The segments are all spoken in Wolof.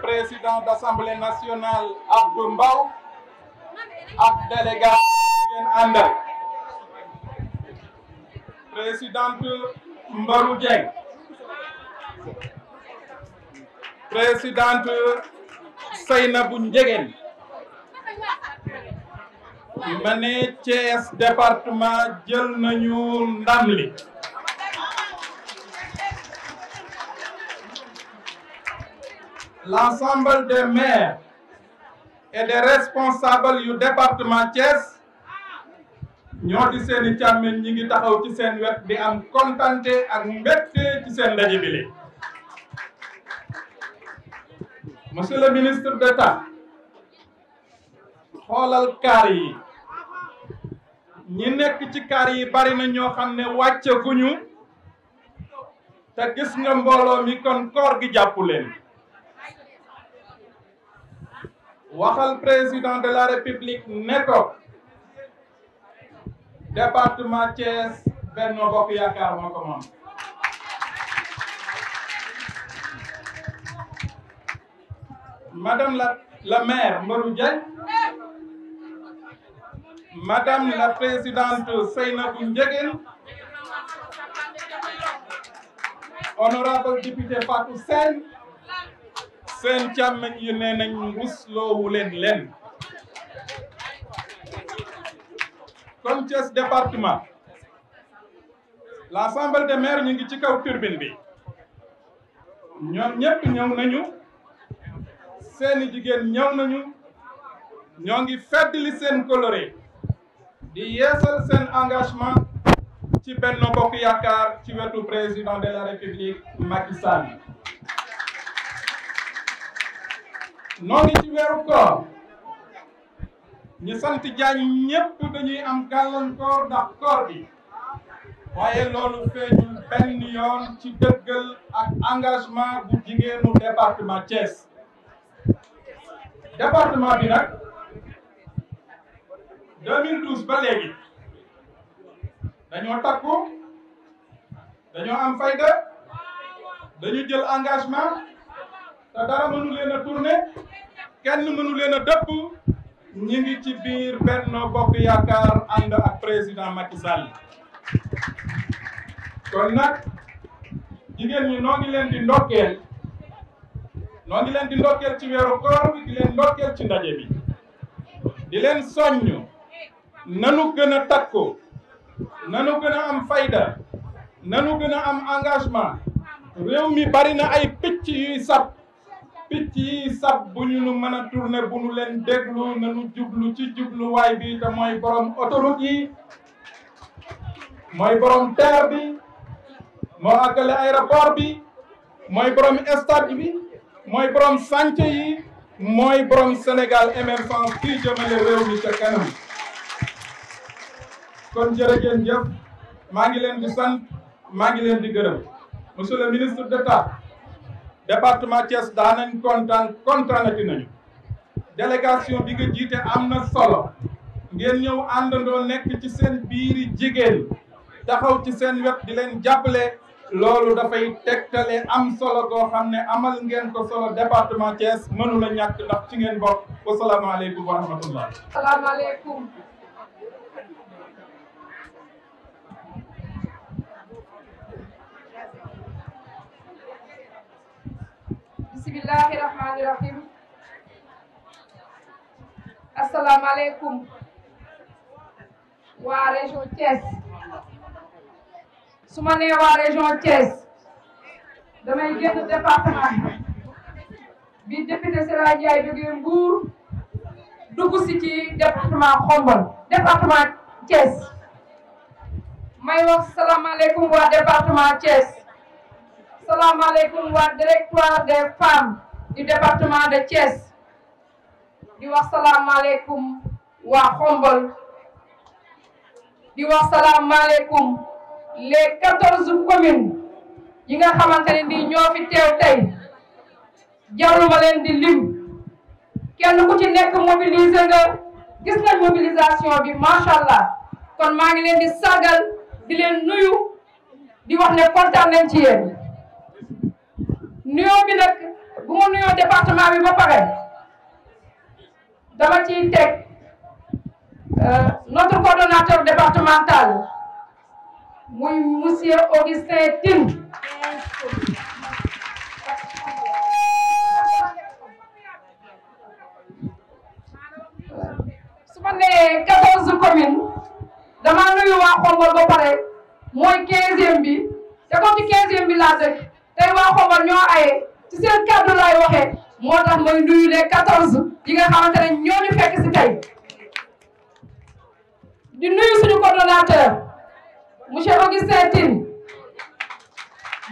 président d'Assemblée nationale Abdou Mbaw ak délégation ngeen àndal présidente Mbarou Dieng présidente Seynabou Ndiéguène ma ne Thiès département jël nañu ndam li l'ensemble des maires et des responsables yu département Thiès ñoo di seen i càmmiñ ñi ngi taxaw ci seen wet bi am kontante ak mbégte ci seen ndaje bi monsieur le ministre d'État xoolal kaar yi ñi nekk ci kaar yi bari na ñoo xam ne wàcce guñu te gis nga mbooloo mi kon koor gi jàppu leen waxal président de la république ne ko département Thiès Benno Bokk Yaakaar madame la la maire Mbarou Ndiaye madame la présidente Seynabou Ndiéguène honorable député Fatou Sène seen càmmeñ yi nee nañ rusloowu leen leen kon Thiès département l'assemblée de maires ñu ngi ci kaw turbine bi ñoom ñëpp ñëw nañu seeni jigéen ñëw nañu ñoo ngi feddli seen coloré di yeesal seen engagement ci Benno Bokk Yaakaar ci wetu président de la République Macky noo ci weeru koor ñu sant jaañ ñépp dañuy am gàllankoor ndax koor bi waaye loolu feeñul benn yoon ci dëggal ak engagement bu jigéenu département Thiès département bi nag 2012 ba léegi dañoo takku dañoo am fayda dañu jël engagement te dara mënu leen kenn mënu leen a dëpp ñi ngi ci biir Benno Bokk Yaakaar ànd ak président Macky Sall kon nag jigéen ñi noo leen di ndokkeel noo ngi leen di ndokkeel ci weeru koor bi leen ndokkeel ci ndaje bi di leen soññ nanu gën a takku nanu gën a am fayda nanu gën a am engagement réew mi bari na ay picc yuy sab picc yi sab bu ñu nu mën a tourner bu nu leen déglu nañu jublu ci jubluwaay bi te mooy borom autoroute yi mooy borom terre bi moo àggale aéroport bi mooy borom stade bi mooy borom chantier yi mooy borom Sénégal émergence kii jëmale réew mi ca kanam kon jërëjëf maa ngi leen di sant maa ngi leen di gërëm ministre d'État département Thiès daanañ kontaan kontaanati nañu délégation bi nga jiite am na solo ngeen ñëw àndandoo nekk ci seen biiri jigéen taxaw ci seen wet di leen jàppale loolu dafay tegtale am solo goo xam ne amal ngeen ko solo département Thiès mënu la ñàkk ndax ci ngeen bokk wasalaamaaleykum wa rahmatullah salaamaaleykum bismillahi rahmani rahim asalaamaaleykum waa région Thiès su ma nee waa région Thiès damay génn département bi député Sera Ndiaye jógee Mbour dugg si ci département Xombol département Thiès may wax salaamaaleykum waa département Thiès salaamaaleykum waa directoire des femmes du département de Thiès di wax salaamaaleykum waa Xombol di wax salaamaaleykum les quatorze communes yi nga xamante ne nii ñoo fi teew tey jaruma leen di lim kenn ku ci nekk mobiliser nga gis nañ mobilisation bi macha allah kon maa ngi leen di sargal di leen nuyu di wax ne kontaan nañ ci yéen. nuyoo bi nag bu ma nuyoo département bi ba pare dama ciy teg euh, notre coordonnateur départemental muy monsieur Augustin Tine su ma nee quatorze communes dama nuyu waa Xombol ba pare mooy quinzième bi te comme ci quinzième bi laa dëkk tey waa Xombol ñoo aye ci seen kàddu laay waxee moo tax may nuyu les quatorze yi nga ñoo ñu fekk si tey di nuyu suñu coordonnateur monsieur Augustin Tine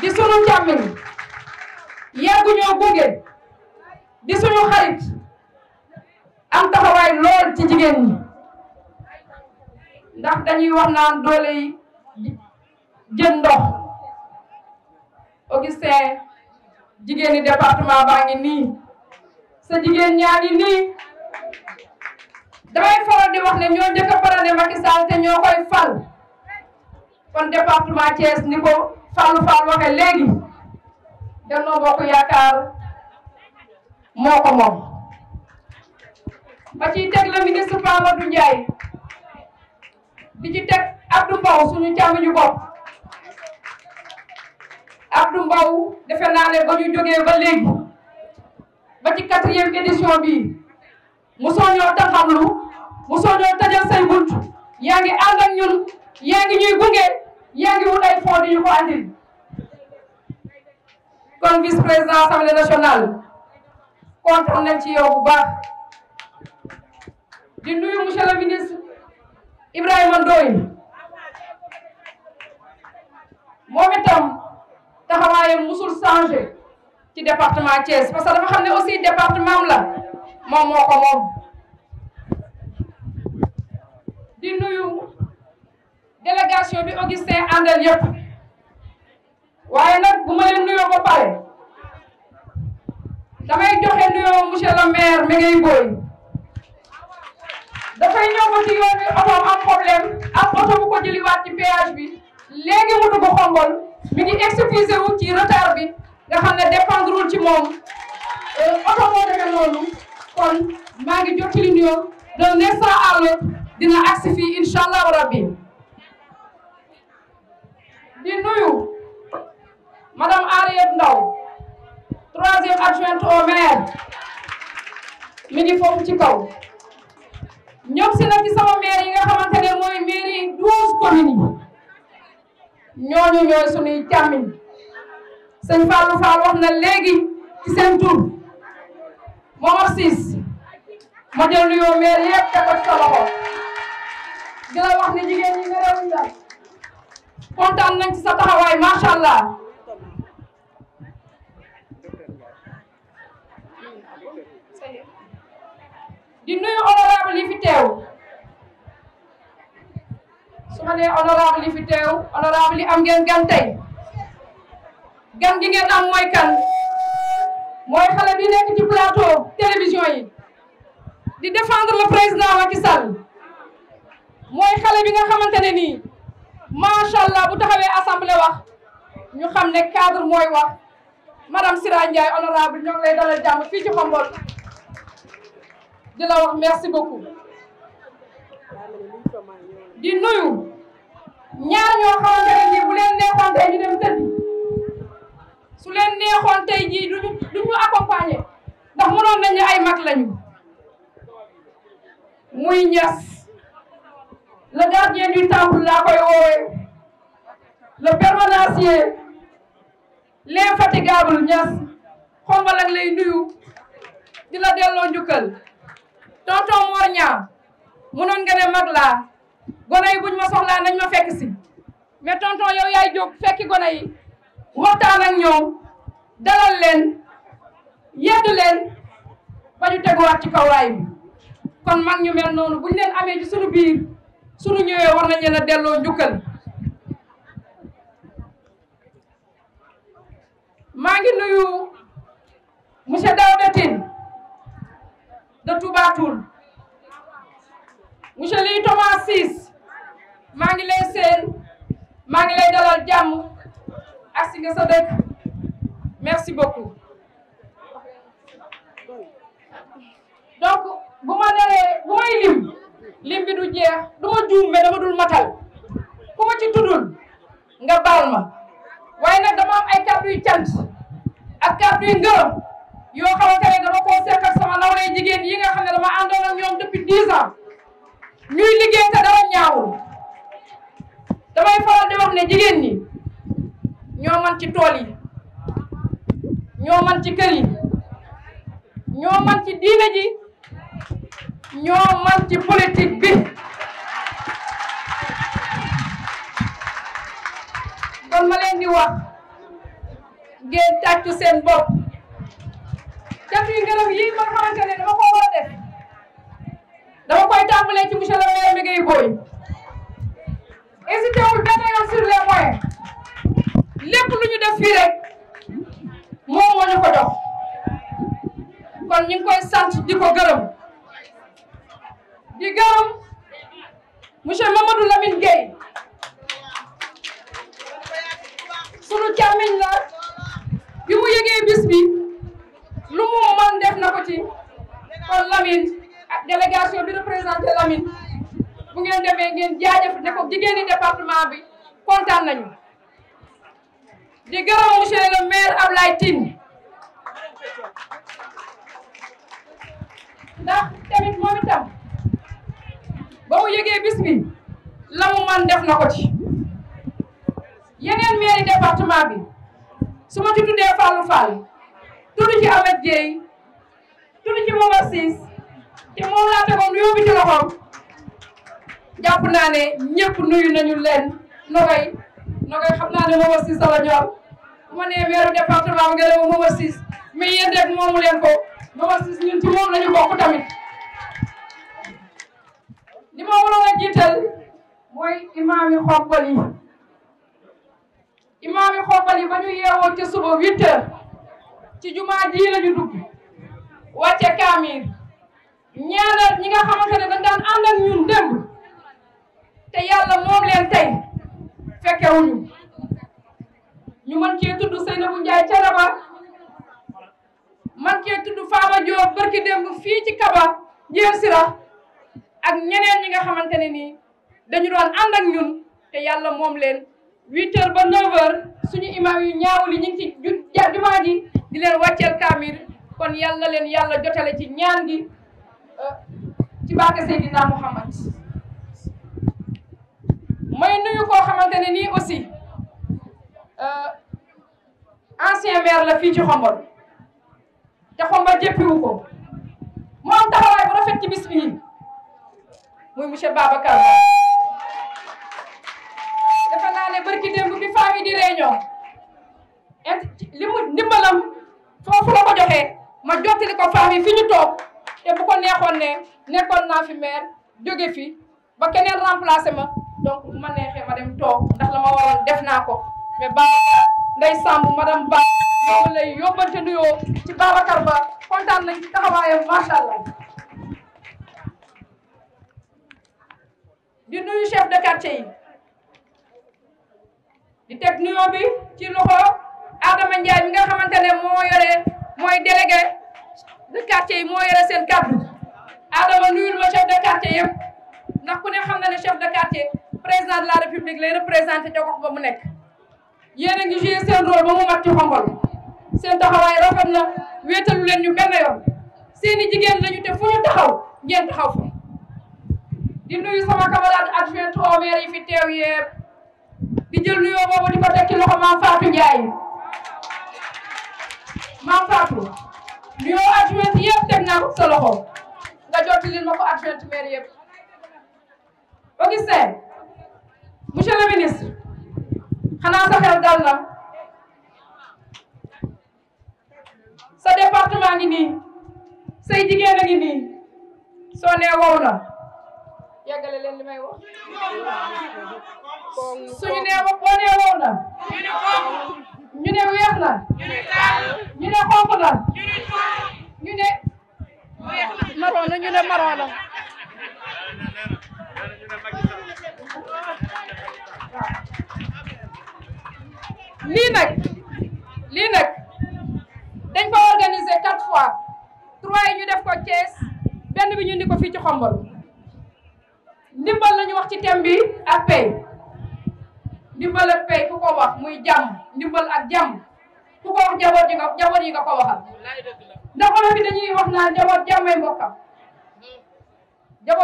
di suñu càmmiñ yàggu ñoo gunge di suñu xarit am taxawaay lool ci jigéen ñi ndax dañuy wax naan doole jën ndox Augustin jigéen ñi département baa ngi nii sa jigéen ñaa ngi nii damay faral di wax ne ñoo njëkk a parane Macky Sall te ñoo koy fal kon département léegi Benno Bokk Yaakaar moo ko moom ba ciy teg le ministre Pamadou Ndiaye di ci teg Abdou Mbow suñu càmm ñu Abdou Mbow defe naa ne ba ñu jógee ba léegi ba ci quatrième édition bi mosoo ñoo taxawlu mosoo ñoo tajal say bunt yaa ngi ànd ñun yaa ngi ñuy gunge yaa ngi wut ay fonds di ñu ko andil kon vice président assemblée nationale kontaan nañ ci yow bu baax di nuyu ministre Ibrahima Ndoye moom itam taxawaayam musul changé ci département Thiès parce que dafa xam ne aussi département la moom moo ko moom di nuyu délégation bi Augustin àndal yëpp waaye nag bu ma leen ba pare damay joxe nuyoo monsieur le maire Mbengue Boye dafay ñëw ba ci yoon bi oto problème ak oto bu ko jëliwaat ci péage bi léegi mu dugg xombol mi ngi excusé wu ci retard bi nga ne dépendrewul ci moom euh, oto moo demee noonu kon maa ngi jottali nuyoo d'un instant à l'autre dina agsi fii incha rabbi di nuyu madame Aliette Ndaw troisième adjointe au mi ngi foofu ci kaw ñoom si nag ci sama nga xamante ne mooy mairie douze communes ñooñu ñooy suñuy càmmiñ sëñ Fallou wax na léegi ci seen tur Momar Ciss ma jël nuyoo maire yëpp teg ko ci wax ni jigéen ñi ngërëm la kontaan nañ ci sa di nuyu honorable yi fi teew su ma nee fi teew honorable yi am ngeen gan tey gan gi ngeen am mooy kan mooy xale bi nekk ci plateau télévision yi di défendre le président Macky Sall mooy xale bi nga xamante ne nii allah bu taxawee assemblée wax ñu xam ne cadre mooy wax madame Sira Ndiaye honorable ñoo lay dalal jàmm fii ci Khombole di la wax merci beaucoup di nuyu ñaar ñoo xamante ne nii bu leen neexoon tey ñu dem tëddi su leen neexoon tey jii du ñu accompagner ndax mënoon nañu ay mag lañu muy ñas le gardien du temple laa koy woowee le permanencier l'infatigable ñas xombal ak lay nuyu di la delloo njukkal tonton Mor Niang mënoon nga ne mag laa gone yi buñ ma soxlaa nañ ma fekk si mais tonton yow yaay jóg fekki gone yi waxtaan ak ñoom dalal leen yedd leen ba ñu teguwaat ci kawraay bi kon mag ñu mel noonu buñ amee ci suñu biir suñu ñëwee war nañ leen a delloo njukkal maa ngi nuyu monsieur Daouda Tine de Touba Toul monsieur Ly Thomas maa ngi lay seen maa ngi lay dalal jàmm ak si nga sa dëkk merci beaucoup donc bu ma naree bu may lim lim bi du jeex du ma juum mais dama dul matal ku ma ci tuddul nga baal ma waaye nag dama ay kàddu yu cant ak kàddu yu ngërëm yoo xamante dama koo seq ak sama nawle jigéen yi nga xam dama àndoon ñoom depuis dix ans ñuy liggéey te dara ñaawul damay faral di wax ne jigéen ñoo man ci tool yi ñoo man ci kër yi ñoo man ci diine ji ñoo man ci politique bi kon ma leen di wax ngeen tàccu seen bopp def yu ngërëm yi ma xamante ne dama ko war a dama koy tàmbalee ci monsieur le maire mi ngay booy hésité wul benn yoon sur les lépp lu ñu def fii moom moo ñu ko jox kon ñu koy sant di ko gërëm di gërëm monsieur Mamadou Lamine Gueye sunu càmmiñ la bi mu yëgee bis lu mu mën def na ko ci kon Lamine ak délégation bi représenté Lamine bu ngeen demee ngeen jaajëf ne ko jigéeni département bi kontaan nañu di gërëm monsieur le maire Ablaye Tine ndax tamit moom itam ba mu yëgee bis bi man def na ko ci yeneen maire département bi su ma ci tuddee Fallou Fall tudd ci Ahmed Dieye tudd ci Momar Ciss te moom laa tegoon yóbbu ci loxoom jàpp naa ne ñëpp nuyu nañu leen Nogay Nogay xam naa ne Momar Ciss la ñor ma nee weeru département nga ne Momar Ciss mais yéen moomu leen ko Momar Ciss ñun ci moom lañu bokk tamit li ma waroon a jiital mooy imaam yi xobbal yi imaam yi xobbal ba ñu yeewoo ci suba huit ci jumaa ji lañu dugg wàcce kaamir ñaanal ñi nga xamante ne dañ daan ànd ak ñun démb te yàlla moom leen tey fekkewuñu ñu mën cee tudd Seynabou Ndiaye Thiénaba man cee tudd Fama Diop barki démb fii ci Kaba Ndiéyène Sira ak ñeneen ñi nga xamante ne nii dañu doon ànd ak ñun te yàlla moom leen huit heures ba neuf heures suñu imam yu ñaawul yi ñu di leen wàcceel kaamir kon yàlla leen yàlla jotale ci ñaan gi euh, ci barke Seydina Muhammad may nuyu koo xamante aussi euh, ancien maire la fii ci Xombol te Xombol jéppiwu ko mu am taxawaay bu ci bis muy monsieur Babacar Ba defe naa ne barki bi femme di réunion li mu ndimbalam foofu ko joxee ma jottali ko fi ñu toog te bu ko neexoon ne nekkoon naa maire jóge fi ba keneen remplacé ma donc bu ma neexee ma dem toog ndax la ma waroon def naa ko mais Babacar Ndeye Samb madame Ba moom lay yóbbante nuyoo ci Babacar Ba kontaan nañ ci taxawaayam macha allah. di nuyu chef de quartier yi di teg nuyoo bi ci loxo Adama Ndiaye mi nga xamante ne moo yore mooy délégué de quartier yi moo yore seen kàddu Adama nuyul ma chef de quartier yëpp ndax ku ne xam na ne chef de quartier. président de la république lay représenté ca ba mu nekk. yéen a ngi joué seen rôle ba mu mat ci seen taxawaay rafet na wéetalu leen ñu benn yoon jigéen lañu te fu ñu taxaw ngeen taxaw di nuyu sama camarade adjoint au maire yi fi teew yépp di jël nuyoo boobu di ko teg ci loxo maam Fatou Ndiaye maam Fatou nuyoo adjoint yépp teg naa ko sa loxo nga jottali ma ko adjoint maire yépp Augustin monsieur le ministre xanaa sa dal na sa département ngi nii say jigéen a ngi wow na yàggale leen wow na ñu ne na ñu ne na ñu ne maroon na ñu ne maroon na lii nag lii nag dañ ko organiser quatre fois trois yi ñu def ko Thiès benn bi ñu indi ko fii ci xombol ndimbal la wax ci thème bi ak pay ndimbal ak pay ku ko wax muy jàmm ndimbal ak jàmm ku ko wax njaboot yi nga njaboot yi nga ko waxal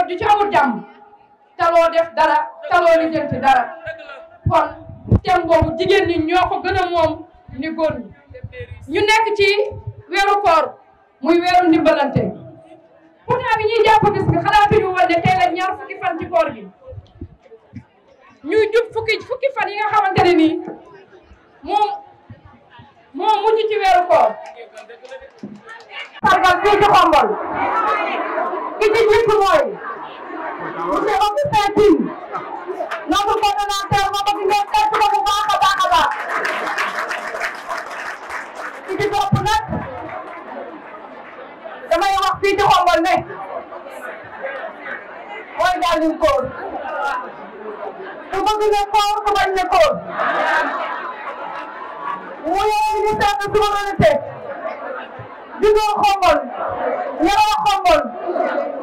yi ci amul jàmm taloo def dara taloo lijjanti dara kon thème boobu jigéen ñi ñoo ko gën a moom ni góor ñu nekk ci weeru koor muy weeru ndimbalante pourtant bi ñuy jàpp gis nga xalaatuñu woon ne fukki fan ci koor gi ñuy jub fukki fukki fan yi nga xamante ne nii moom moo mujj ci weeru koor sargal fii ci xombol ki ci jiitu mooy monsieur Augustin Tine notre coordonnateur ma bëgg ngeen teg ko bu baax a baax a baax ci ci topp nag damay wax fii ci xombal ne mooy Darlin Koor ku bëgg ne koor ku bañ ne koor mu yore ministère de souveraineté jugoo xombol yaroo xombol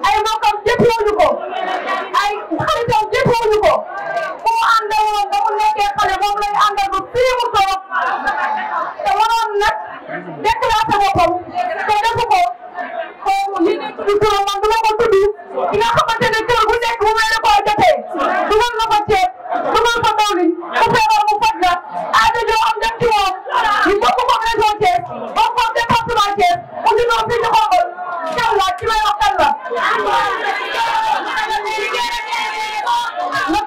ay mbokkam jëppewuñu ko ay xaritam jëppewuñu ko ku mu àndaloon ba mu nekkee xale moom lay àndal ba fii mu toog te waroon nag déclassé boppam te defu ko kooku li nekk ci turam man du ma ko tudd ki nga xamante ne kër bu nekk bu mel ne koo jotee dugal na ko ceeb dugal ko dawlin ku feebar mu faj la aada joo am dem ci moom ñu bokk ko région Thiès bokk ko département Thiès mu ngi ñëw fii ci xombal kan la ci may wax kan la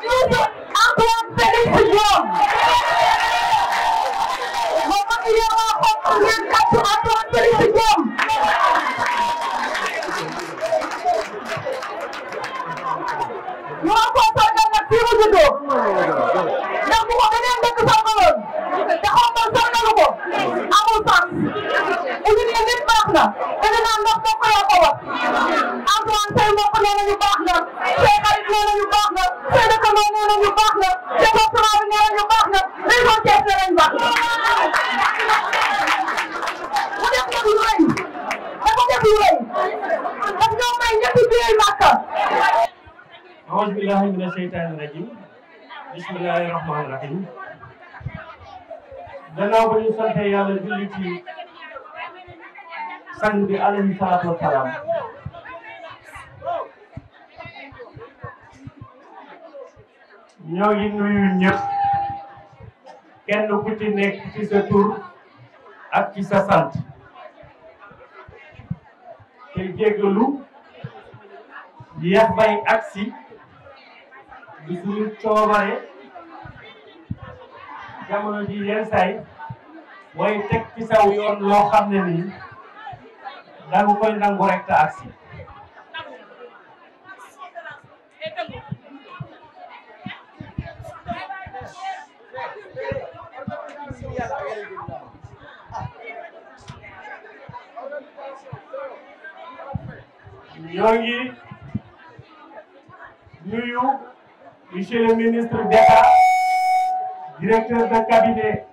gannaaw ba ñu sante yàlla julli ci sang bi alayhi salaatu wasalaam ñoo ngi nuyu ñëpp kenn ku ci nekk ci sa tur ak ci sa sant te jéggalu yax bay aksi du suñu coobare jamono ji yenn say teg ci saw yoon loo xam ne nii danga koy nangu rek te aksi ñoo ngi nuyu monsieur ministre d'État directeur de cabinet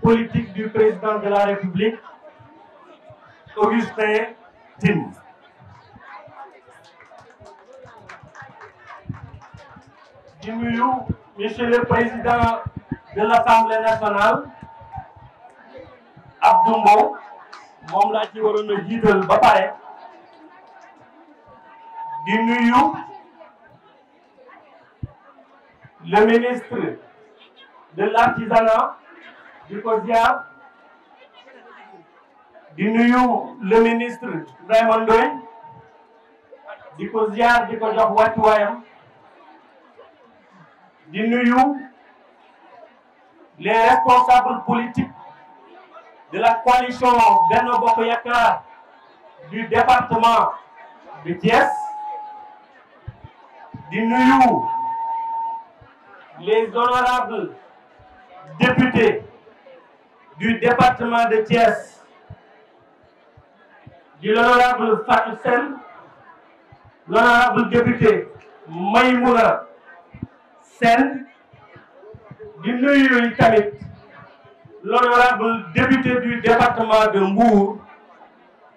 politique du président de la République, Augustin Tine. di monsieur le président de l'Assemblée nationale Abdou Mbow moom laa ci waroon a jiital ba pare le ministre de l'artisanat di ko ziar di nuyu le ministre Ibrahima Ndoye di ko ziar di ko jox wàccuwaayam di nuyu les responsables politiques de la coalition Benno Bokk du département de Thiès di nuyu les honorables député du département de Thiès di l'honorable Fatou Sène l'honorable député Maymouna Sène di nuyu tamit l'honorable député du département de Mbour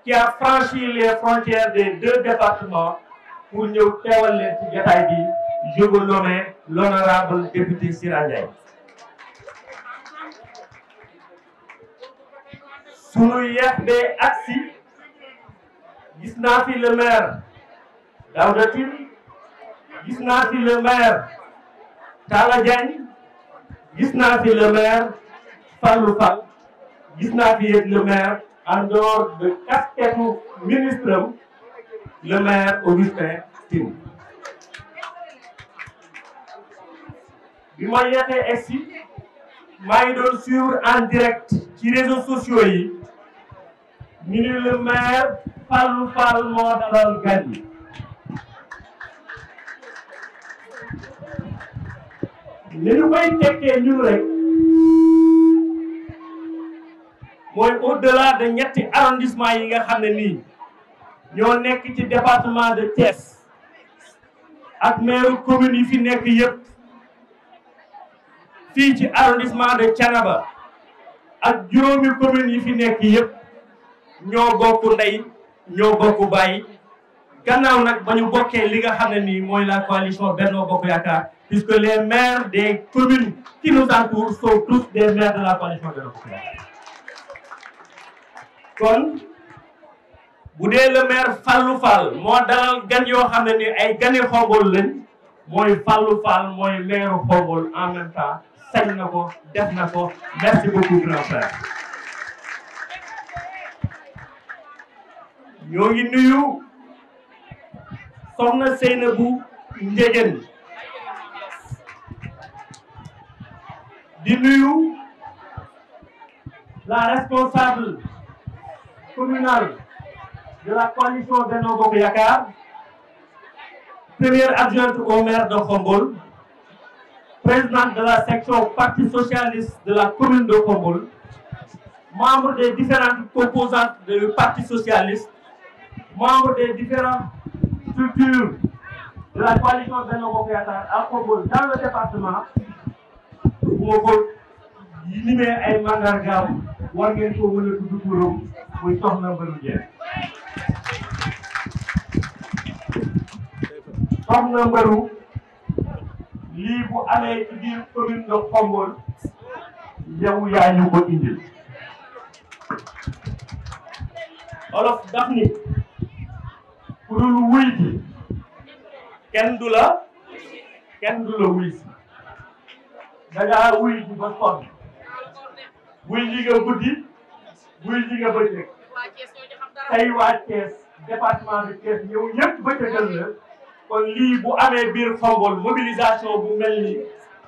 qui a franchi les frontières des deux départements pour ñëw teewal l'honorable député Sira Ndiaye sunu yeex bee aksi gis naa fi le maire Daouda gis naa fi le maire Talla gis naa fi le maire Fallou Fall gis naa fi le maire en dehors de casquette ministre le maire Augustin Tine bi ma yeexee egsi maa ngi doon suivre en direct ci réseaux sociaux yi ñu ni le maire Fallou moo dalal gan yi li ñu koy tekkee ñun rek mooy au delà ñetti arrondissement yi nga xam ne nii ñoo nekk ci département de Thiès ak maire commune yi fi nekk yëpp fii ci arrondissement de Thiénaba ak juróomi commune yi fi nekk yëpp ñoo bokk ndey ñoo bokk bàyyi gannaaw nag ba ñu bokkee li nga xam ne nii mooy la coalition Benno Bokk Yaakaar puisque les maires des communes qui nous entourent sont tous des maires de la coalition Benno Bokk Yaakaar kon bu dee le maire Fallou Fall moo dalal gan yoo xam ne ni ay gani Xombol lañ mooy Fallou Fall mooy maire Xombol en même sañ na ko def na ko merci beaucoup grand frère ñoo ngi nuyu soxna Seynabou Ndiéguène di nuyu la responsable communale de la coalition Benno Bokk Yakaar première adjointe au maire de Khombole présidente de la section parti socialiste de la commune de Khombole membre des différentes composantes du parti socialiste membres des différentes structures la coalition Benno Bokk Yaakaar à propos dans le département bu ma ko limee ay mandargaam war ngeen koo mën a tudd turam muy soxna Mbarou Dieng. soxna Mbarou lii bu amee ci biir commune de Khombole yow yaa ñu ko indil olof daf ku dul wuy ji kenn du la kenn du la wuy si ba sonn wuy ji nga guddi wuy ji nga bëccëg tey waa Thiès département de Thiès ñëw ñëpp kon lii bu amee biir Fongol mobilisation bu mel ni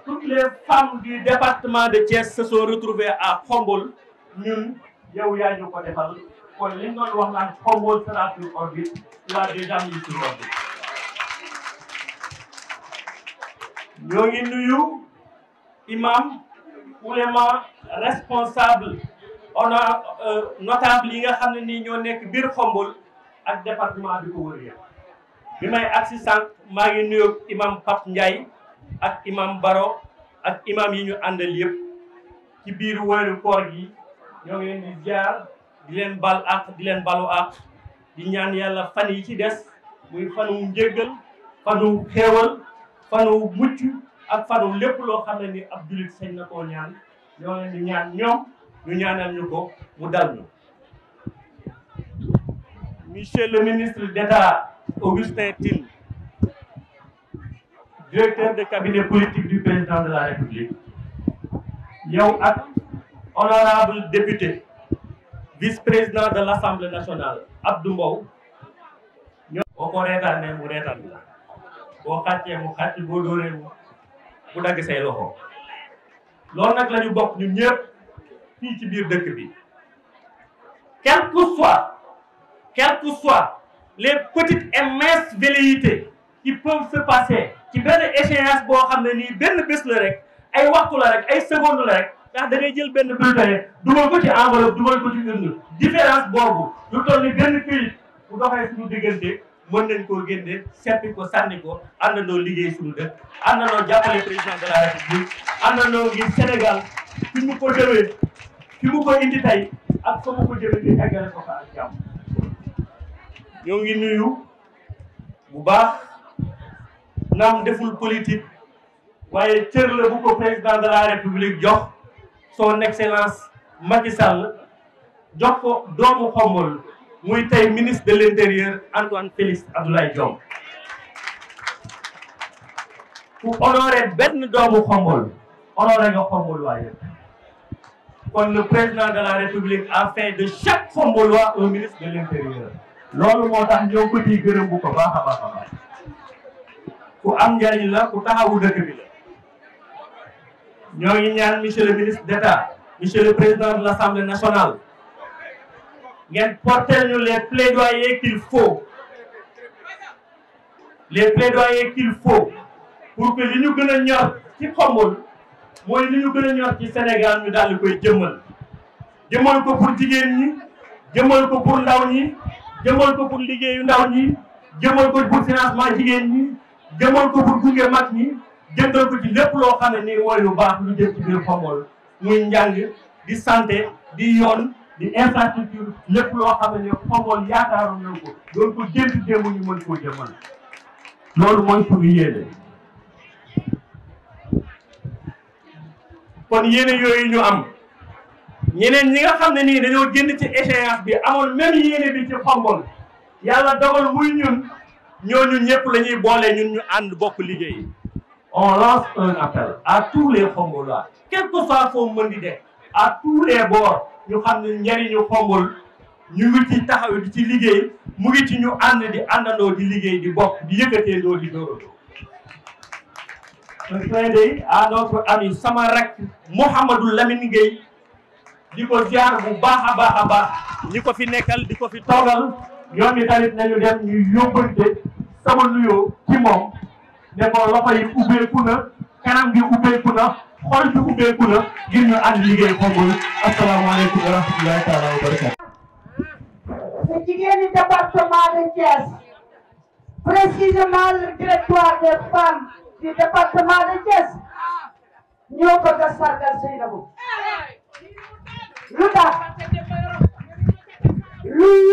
toutes les femmes du département de Thiès se sont retrouvées à Fongol ñun yow yaa ñu ko defal kon li nga doon wax naan Hubble sera sur orbite il a déjà mis sur orbite. ñoo ngi nuyu imam ulema responsable on euh, notable yi nga xam ne nii ñoo nekk biir Hubble ak département bi ko wër yëpp. bi may agsi sànq maa ngi nuyu imam Pape Ndiaye ak imam Baro ak imam yi ñu àndal yëpp ci biir wëru gi ñoo ngi leen di di leen bal àq di leen balu àq di ñaan yàlla fan yi ci des muy fanu njéggal fanu xéewal fanu mucc ak fanu lépp loo xam ne ni ab jullit sañ na koo ñaan ñoo leen ñaan ñoom ñu ñaanal ñu ko mu dal ñu monsieur le ministre d'État Augustin Tine directeur de cabinet politique du président de la République yow ak honorable député vice-président de l'Assemblée nationale Abdou Mbow boo ko reetaanee mu reetaan la boo xàccee mu xàcc boo dóoree mu bu dagg say loxo loolu nag la ñu bokk ñun ñëpp fii ci biir dëkk bi quel que soit quel que soit les petites et minces velléités qui peuvent se passer ci benn échéance boo xam ne nii benn bés la rek ay waxtu la rek ay seconde la rek ndax da jël benn bulletin dugal ko ci enveloppe dugal ko ci urne différence boobu lu toll ni benn këyit bu doxee suñu diggante mën nañ koo génne seppi ko sànni ko àndandoo liggéey suñu dëkk àndandoo jàppale président de la république àndandoo ngir Sénégal fi mu ko jëmee fi mu ko indi tey ak fa mu ko jëmee di eggale ko fa ak jàmm ngi nuyu bu baax naam deful politique waaye cër la bu ko président de république jox son excellence Macky Sall jox ko doomu xombol muy tey ministre de l'intérieur Antoine Félix Abdoulaye Diome ku honoré benn doomu xombol honoré nga xombol waa kon le président de la république a fait de chaque xombolois un ministre de l'intérieur loolu moo tax ñoo ko yi gërëm bu ko baax a baax ku am njariñ la ku taxawu dëkk bi la ñoo ngi ñaan monsieur le ministre d'État monsieur le président de l'Assemblée nationale ngeen porter ñu les plaidoyers qu'il faut les plaidoyers qu'il faut pour que ñu gën a ñor ci Xombol mooy li ñu gën a ñor ci Sénégal mi daal di koy jëmmal jëmmal ko pour jigéen ñi jëmmal ko pour ndaw ñi jëmmal ko pour liggéeyu ndaw ñi jëmmal ko pour financement jigéen ñi jëmmal ko pour gunge mag ñi jëndal ko ci lépp loo xam ne nii mooy lu baax lu jëm ci biir Khombole muy njàng di santé di yoon di infrastructure lépp loo xam ne nii Khombole yaakaaroon nañ ko doon ko jënd démb kon yéene yooyu ñu am ñeneen ñi nga xam ne nii dañoo génn ci échéance bi amoon même yéene bi ci Khombole yàlla dogal muy ñun ñooñu ñëpp la ñuy boole ñun ñu ànd bokk liggéey. on lance un appel à tous les Khombolois quel que soit foo mën di def à tous les bords ñu xam ne njëriñu Khombol ñu ngi ci taxaw di ci liggéey mu ngi ci ñu ànd di àndandoo di liggéey di bokk di yëkkateendoo di dóorandoo un clin d'œil à notre ami sama rek Mouhamadou Lamine Gueye di ko ziar bu baax a baax a baax ñi ko fi nekkal di ko fi toogal ñoom i tamit nañu dem ñu yóbbante sama nuyoo ci moom ne ko loxo yi ubbeeku na kanam gi ubbeeku na xol bi ubbeeku na ngir ñu ànd liggéey Khombole asalaamaaleykum wa rahmatulahi taala wa barakatu te jigéen ñi département de Thiès précisément le directoire des femmes du département de Thiès ñoo bëgg a sargal Seynabou lu tax lu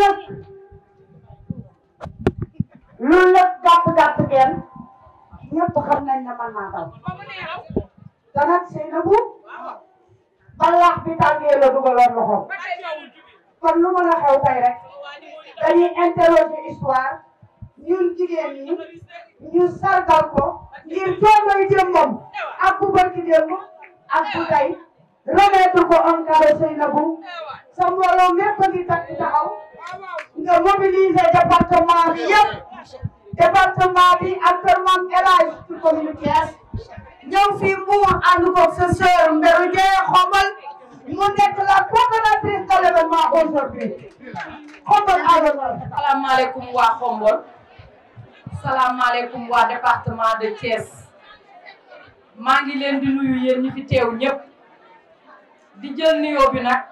lu lépp gàpp gàpp ñëpp xam nañ ne mën naa daw te nag Seynabou balaax bi tàngee la dugaloon loxo kon lu mën a xew rek dañuy interroger histoire ñun jigéen ñi ñu sargal ko ngir doonay jëmmam ak bu barki démb ak bu tey remettre ko un cadeau Seynabou sa mbooloo mépp a taxaw nga mobiliser département bi département bi ak kër moom élage ci commune Thiès ñëw fii Mbour ànd ko sa sœur Mbéru Dieng mu nekk la coordonnatrice de l'événement aujourd'hui Xombol à l'honneur salaamaaleykum waa Xombol salaamaaleykum waa département de Thiès maa ngi leen di nuyu yéen fi teew ñëpp di jël nuyoo bi nag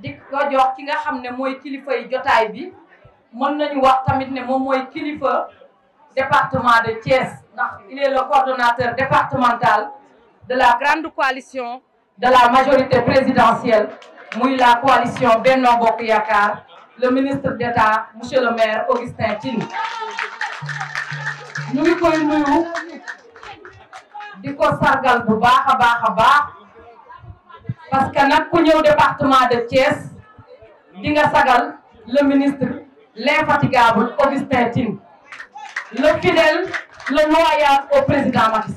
di ko jox ki nga xam ne mooy kilifay jotaay bi mën nañu wax tamit ne moom mooy kilifa département de Thiès ndax il est le coordonnateur départemental de la grande coalition de la majorité présidentielle muy la coalition Benno Bokk Yaakaar le ministre d'État monsieur le maire Augustin Tine ñu ngi nuyu di ko sargal bu baax a baax a baax parce que nag ku ñëw département de Thiès di nga sagal le ministre l'infatigable Augustin Tine, le fidèle, le loyal au président Macky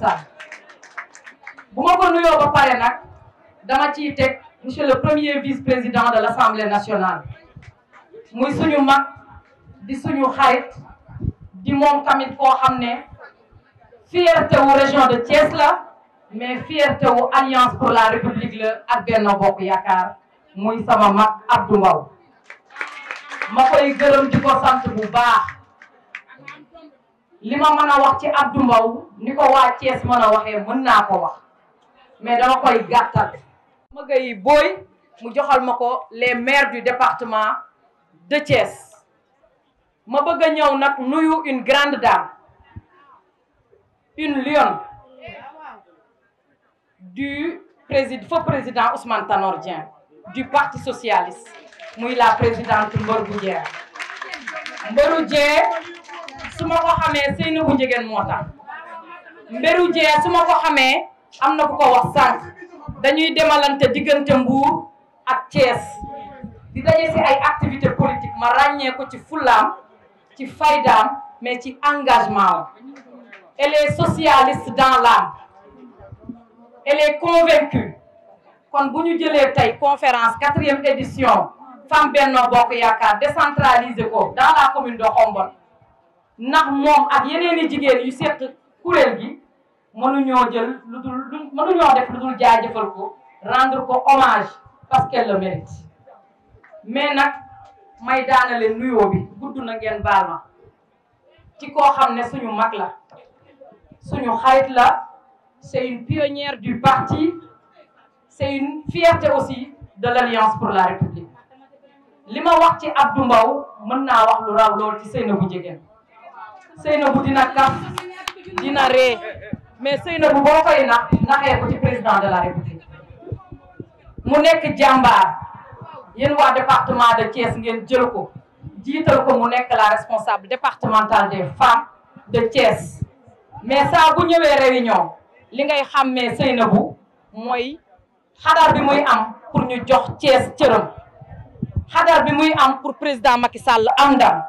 bu ma ko nuyoo ba pare nag dama ciy teg monsieur le premier vice-président de l'Assemblée nationale muy suñu mag di suñu xarit di moom tamit koo xam ne fierté wu région de Thiès la mais fierté wu alliance pour la république la ak Benno Bokk Yaakaar muy sama mag Abdou Mbow ma koy gërëm di ko sant bu baax li ma mën a wax ci Abdou ni ko waa Thiès mën a waxee mën naa ko wax mais dama koy gàttal magay booy mu joxal ma ko les maires du département de Thiès ma bëgg a ñëw nag nuyu une grande dame une lionne du président feu président Ousmane Tanor Dieng du parti socialiste muy la présidente Mbër bu Dieng Mbëru Dieng su ma ko xamee Seynabou Ndiéguène moo tax Mbëru Dieng su ma ko xamee am na ku ko wax sànq dañuy demalante diggante Mbour ak Thiès di daje si ay activité politique ma ràññee ci fullaam ci faydaam mais ci engagement elle est socialiste dans l'âme elle est kon bu ñu jëlee tey conférence quatrième édition femme Benno Bokk Yaakaar décentraliser ko dans la commune de Khombole ndax moom ak yeneeni jigéen yu seq kuréel gi mënuñoo jël lu dul lu mënuñoo def lu dul jaajëfal ko rendre ko hommage parce qu'elle le mérite mais nag may daanale nuyoo bi gudd na ngeen baal ma ci koo xam ne suñu mag la suñu xarit la c'est une pionnière du parti c'est une fierté aussi de l'Alliance pour la République li ma wax ci Abdou Mbow mën naa wax lu raw loolu ci Seynabou Ndiéguène Seynabou dina kaf dina ree mais Seynabou boo koy nax naxee ko ci président de la république mu nekk jàmbaar yéen waa département de Thiès ngeen jël ko jiital ko mu nekk la responsable départementale des femmes de Thiès mais saa bu ñëwee réunion li ngay xàmmee Seynabou mooy xadaar bi muy am pour ñu jox Thiès cëram xadar bi muy am pour président Macky Sall am ndam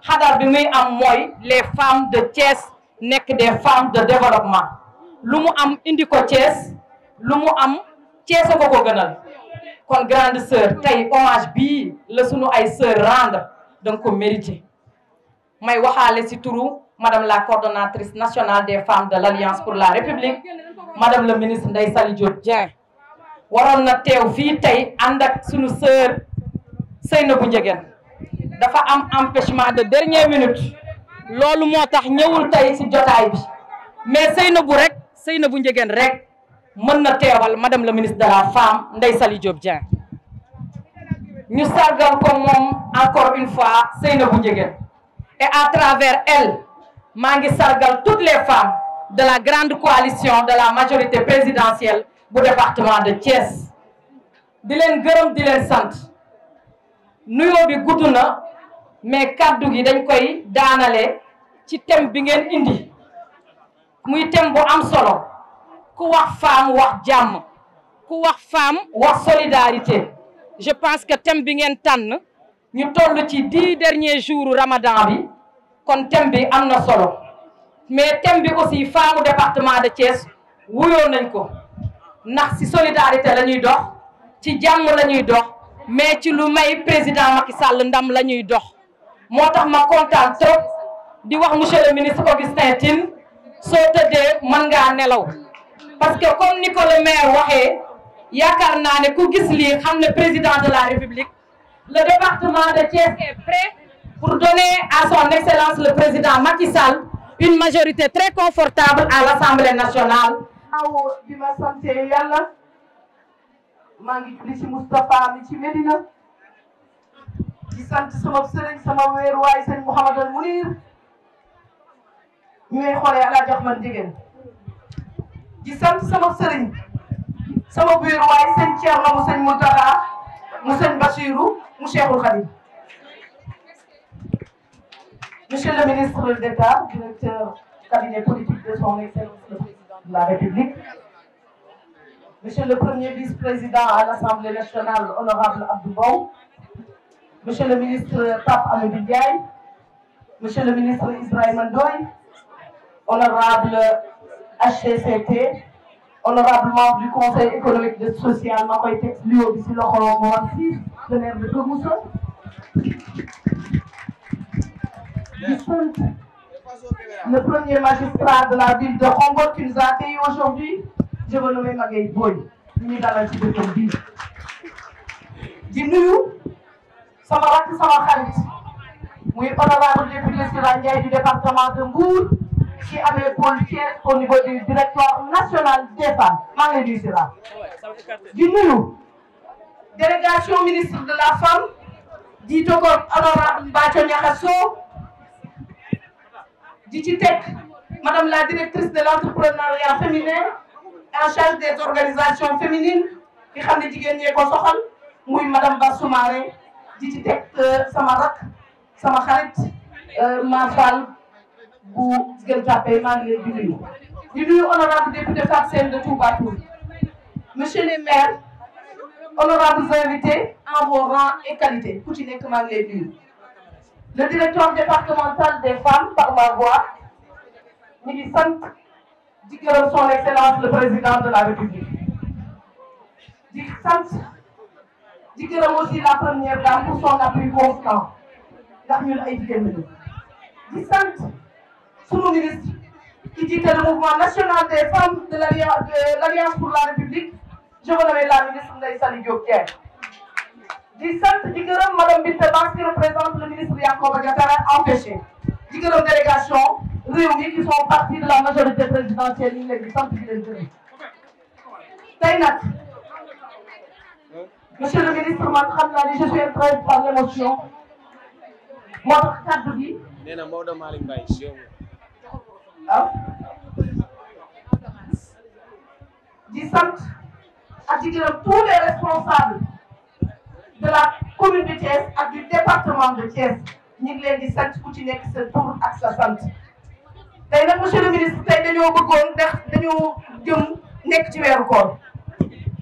xadar bi muy am mooy les femmes de Thiès nekk de femmes de développement lu mu am indi ko Thiès lu mu am Thiès a ko gënal kon grande sœur tey hommage bii la sunu ay sœur rendre danga ko mérité may waxaale ci turu madame la coordonnatrice nationale des femmes de l'Alliance pour la République madame le ministre Ndeye Saly Diop Dieng waroon na teew fii tey ànd ak sunu sœur bu Ndiéguène dafa am empêchement de dernière minute loolu moo tax ñëwul tey ci jotaay bi mais Seynabou rek bu Ndiéguène rek mën na teewal madame la ministre de la femme nday sali Diop Dieng ñu sargal ko moom encore une fois Seynabou Ndiéguène et à travers elle maa ngi sargal toutes les femmes de la grande coalition de la majorité présidentielle bu département de Thiès di leen gërëm di leen sant nuyoo bi gudd na mais kàddu gi dañ koy daanale ci thème bi ngeen indi muy thème bu am solo ku wax femme wax jàmm ku wax femme wax solidarité je pense que thème bi ngeen tànn ñu toll ci dix derniers jours ramadan bi kon thème bi am na solo mais thème bi aussi femme département de Thiès wuyoo nañ ko ndax ci solidarité la ñuy dox ci jàmm la ñuy dox mais ci lu may président Macky Sall ndam la ñuy dox moo tax ma kontaan trop di wax monsieur le ministre Augustin Tine soo tëddee mën ngaa nelaw parce que comme ni ko maire waxee yaakaar naa ne ku gis li xam ne président de la République le département de Thiès est prêt pour donner à son excellence le président Macky Sall une majorité très confortable à l'Assemblée nationale aw bi maa ngi julli ci mi ci Medina di sant sama sëriñ sama wéeru waaye sëñ Mouhamadal Mounir ñu ngay xoolee ala jox man jigéen di sant sama sëriñ sama wéeru waaye sëñ Thierno mu le ministre d'État, de son excellence de la République Monsieur le Premier vice-président à l'Assemblée nationale, honorable Abdou Monsieur le ministre Pape Amadou Ndiaye, Monsieur le HCCT, honorable du Conseil économique et social, Makoy Tex Lio Bissilokoro Mourassi, le maire de Kogoussa. Le premier magistrat de la ville de Congo qui nous a accueillis aujourd'hui, jébalu may magay booy ñu ñu dalal ci dëkkam bii di nuyu sama rakk sama xarit muy honorable député Sira Ndiaye du département de Mbour qui avait politière au niveau du directoire national des femmes maa ngi nuyu Sira di nuyu délégation ministre de la femme di togoon honorable Mbathio Niakhar Sow di ci teg madame la directrice de l' entrepreneuriat féminin en charge des organisations féminines ki xam ne jigéen ñee ko soxal muy madame Ba di ci teg euh, sama rak euh, bu gën jàppee maa ngi leen di nuyu di nuyu honorable député Fatou Sène de Touba Toul monsieur le maire honorables invités en vos rangs et qualités ku nekk maa ngi le directeur départemental des femmes par ma voix di gërëm son excellence le président de la république di la première dame pour son appui constant ndax ñun ay jigéen lañu di sant sunu ministre ki jiite le mouvement national des de l' pour la république je veux nommer la ministre Ndeye Saly Diop Dieng di sant madame Binta Bass représente le ministre Yankhoba Diattara empêché di gërëm délégation réew mi qui sont partis de la majorité présidentielle ñu ngi leen di sant di leen gërëm tey nag monsieur le ministre man xam naa ni je suis étreint par l' émotion moo tax kaddu gi. Ah. sant ak di gërëm tous les responsables de la commune de Thiès ak du département de Thiès ñu ngi leen di sant ku ci nekk sa tur ak sant. tey nag monsieur le ministre tey dañoo bëggoon ndax dañoo jëm nekk ci weeru koor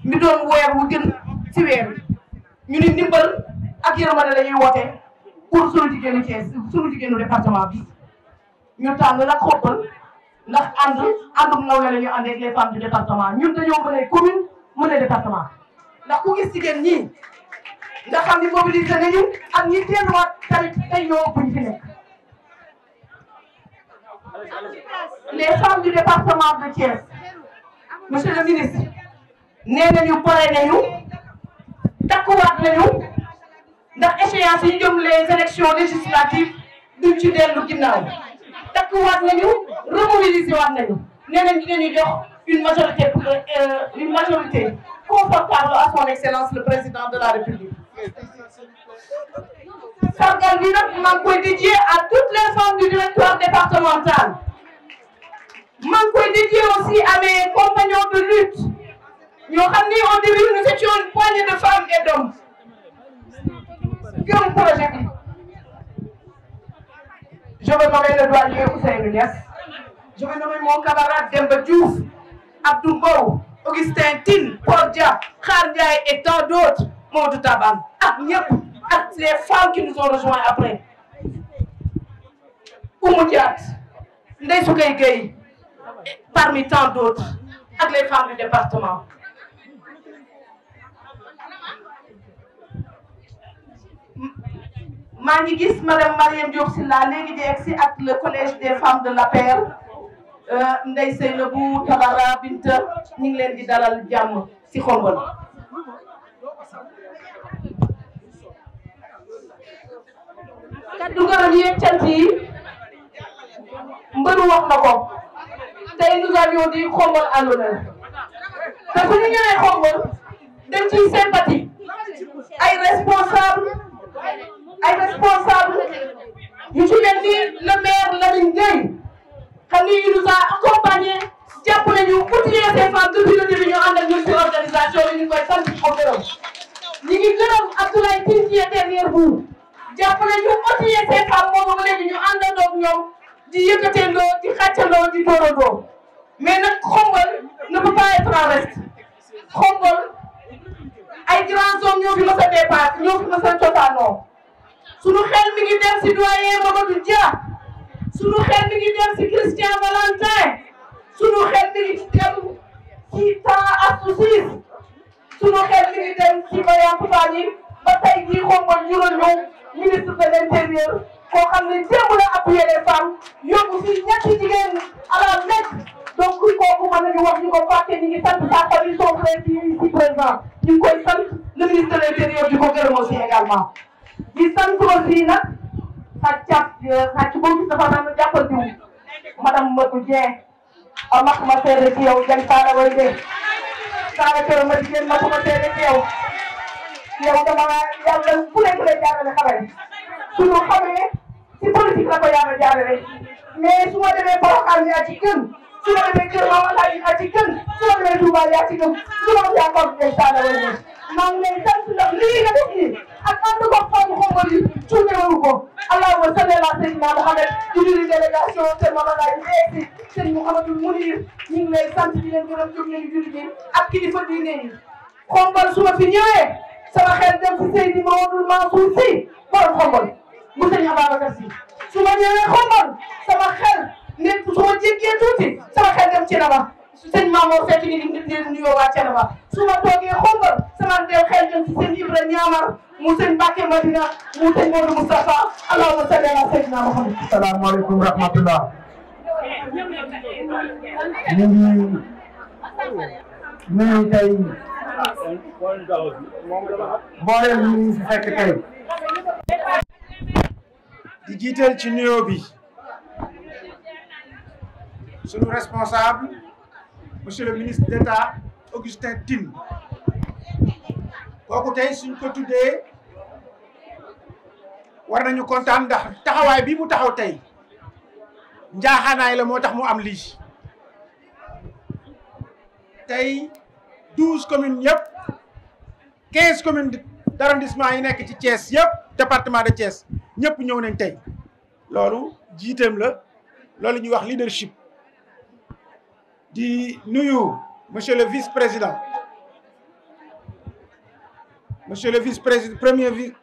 mi doon weer wu gën ci weer ñu ni ndimbal ak yërmande la ñuy woote pour suñu jigéenu Thiès suñu jigéenu département bi ñu tànn nag xobbal ndax ànd àndum nawle la ñu àndee ak les femmes du département ñun dañoo mën a commune mën a département ndax ku gis jigéen ñii nga xam ni mobilisé nañu ak ñi teeluwaat ñoo ëpp fi nekk les femmes du département de Thiès monsieur le ministre nee nañu pare nañu takkuwaat nañu ndax échéance yi jëm les élections législatives duñ ci dellu ginnaaw takkuwaat nañu remobiliser waat nañu nee nañ dinañu jox une majorité pour euh, une majorité confortable à son excellence le président de la république sargal bi nag maa ngi koy dédié à toutes les femmes du directoire départemental maa ngi koy dédié aussi à mes compagnons de lutte ñoo xam ni au début nous étions une poignée de femmes et d'hommes gëm projet bi je vais nommer le doyen Ousseynou Niass je vais nommer mon camarade Demba Diouf Abdou Mbow Augustin Tine Paul Diak Khar Ndiaye et tant les femmes qui nous ont rejoint après Oumou Diat Ndeye Soukeye Gueye parmi tant d'autres ak les femmes du département maa ngi gis madame Mariam Diop Sylla léegi di egsi ak le collège des femmes de l'APR euh, Ndeye Seynabou Tabara Binta ñu ngi leen di dalal jàmm si Khombole kaddu ngërëm yeeg cant yi wax na ko tey nous avions dit Khombole à l'honneur te fu ñu ñëwee Khombole dem ci sympathie ay responsable ay ci mel ni maire Lamine Gueye xam ni il nous a accompagné jàppale ñu outiller ces femmes depuis le début ñu ànd ak ñun ci organisation bi ñu koy sant di ko gërëm ñu ngi gërëm Abdoulaye Tine qui est derrière jàppale ñu outillé seen femmes boobu ba léegi ñu àndandoo ak ñoom di yëkkateendoo di xàccandoo di dóorandoo mais nag Khombole ne peut pas être en ay grands hommes ñoo fi mës a dépassé ñoo fi mës a cosaanoo sunu xel mi ngi dem si doyen Mamadou Dia sunu xel mi ngi dem si Christian Valentin sunu xel mi ngi dem ci temps assoucis sunu xel mi ngi dem ci Mariam Fapal yi ba tey jii Khombole ñu ministre de l' intérieur yo xam ne démb la appuyé les femmes yóbbu fii ñetti jigéen à la nekk donc kooku mën nañu wax ñu ko fàtte ñu ngi sant sa famille son frère ci ci président ñu ngi koy sant le ministre de l' intérieur di ko gërëm aussi également. di sant aussi nag sa càpp sa ci boo gis dafa mel ni jàppal jiw madame Matou Dieng ma ma seede ci yow Dieng Saala Wende Saala Thioro ma jigéen ma ko ma seede ci yow. yow dama yàlla bu nekk lay jaarale xamal suñu xamee ci politique la ko yàlla jaarale mais su ma demee Porokhane yaa ci gën su ma demee Kër Mamadou yaa ci gën su ma demee Touba yaa ci gën su ma yaa ko def saa la wala maa ngi lay sant ndax lii nga def nii ak ànd ko fànn xongal yi tuutewu ko allahumma salli ala sayyidina Muhammad di nuyu délégation Kër Mamadou yi eegsi sëñ Mouhamadou Mounir ñu ngi lay sant di leen gërëm jóg leen julli bi ak kilifa diine yi xongal su ma fi ñëwee sama xel dem si Seydi Mamadou Mansour si borom xombol mu sëñ Ababacar si su ma ñëwee xombol sama xel ne su ma jéggee tuuti sama xel dem ci Raba sëñ Mamour fekk ñu di leen nuyoo waa Thiénaba su ma toogee xombol sama dem xel dem si sëñ Ibra Ñaamar mu sëñ Mbacke Madina mu sëñ Modou Moustapha allahumma salli ala sayyidina Muhammad asalaamaaleykum rahmatullah ñu ngi nuyu tey mboolem ñu ci nuyoo bi sunu responsable monsieur le ministre d'État Augustin Tine kooku tey suñ ko tuddee war nañu kontaan ndax taxawaay bii mu taxaw tey njaaxaanaay la moo tax mu am lii tey douze commune yëpp quinze communes d'arrondissement yi nekk ci Thiès yëpp département de Thiès ñëpp ñëw nañ tey loolu jiiteem la loolu ñuy wax leadership di nuyu monsieur le vice-président monsieur le vice-président premier vice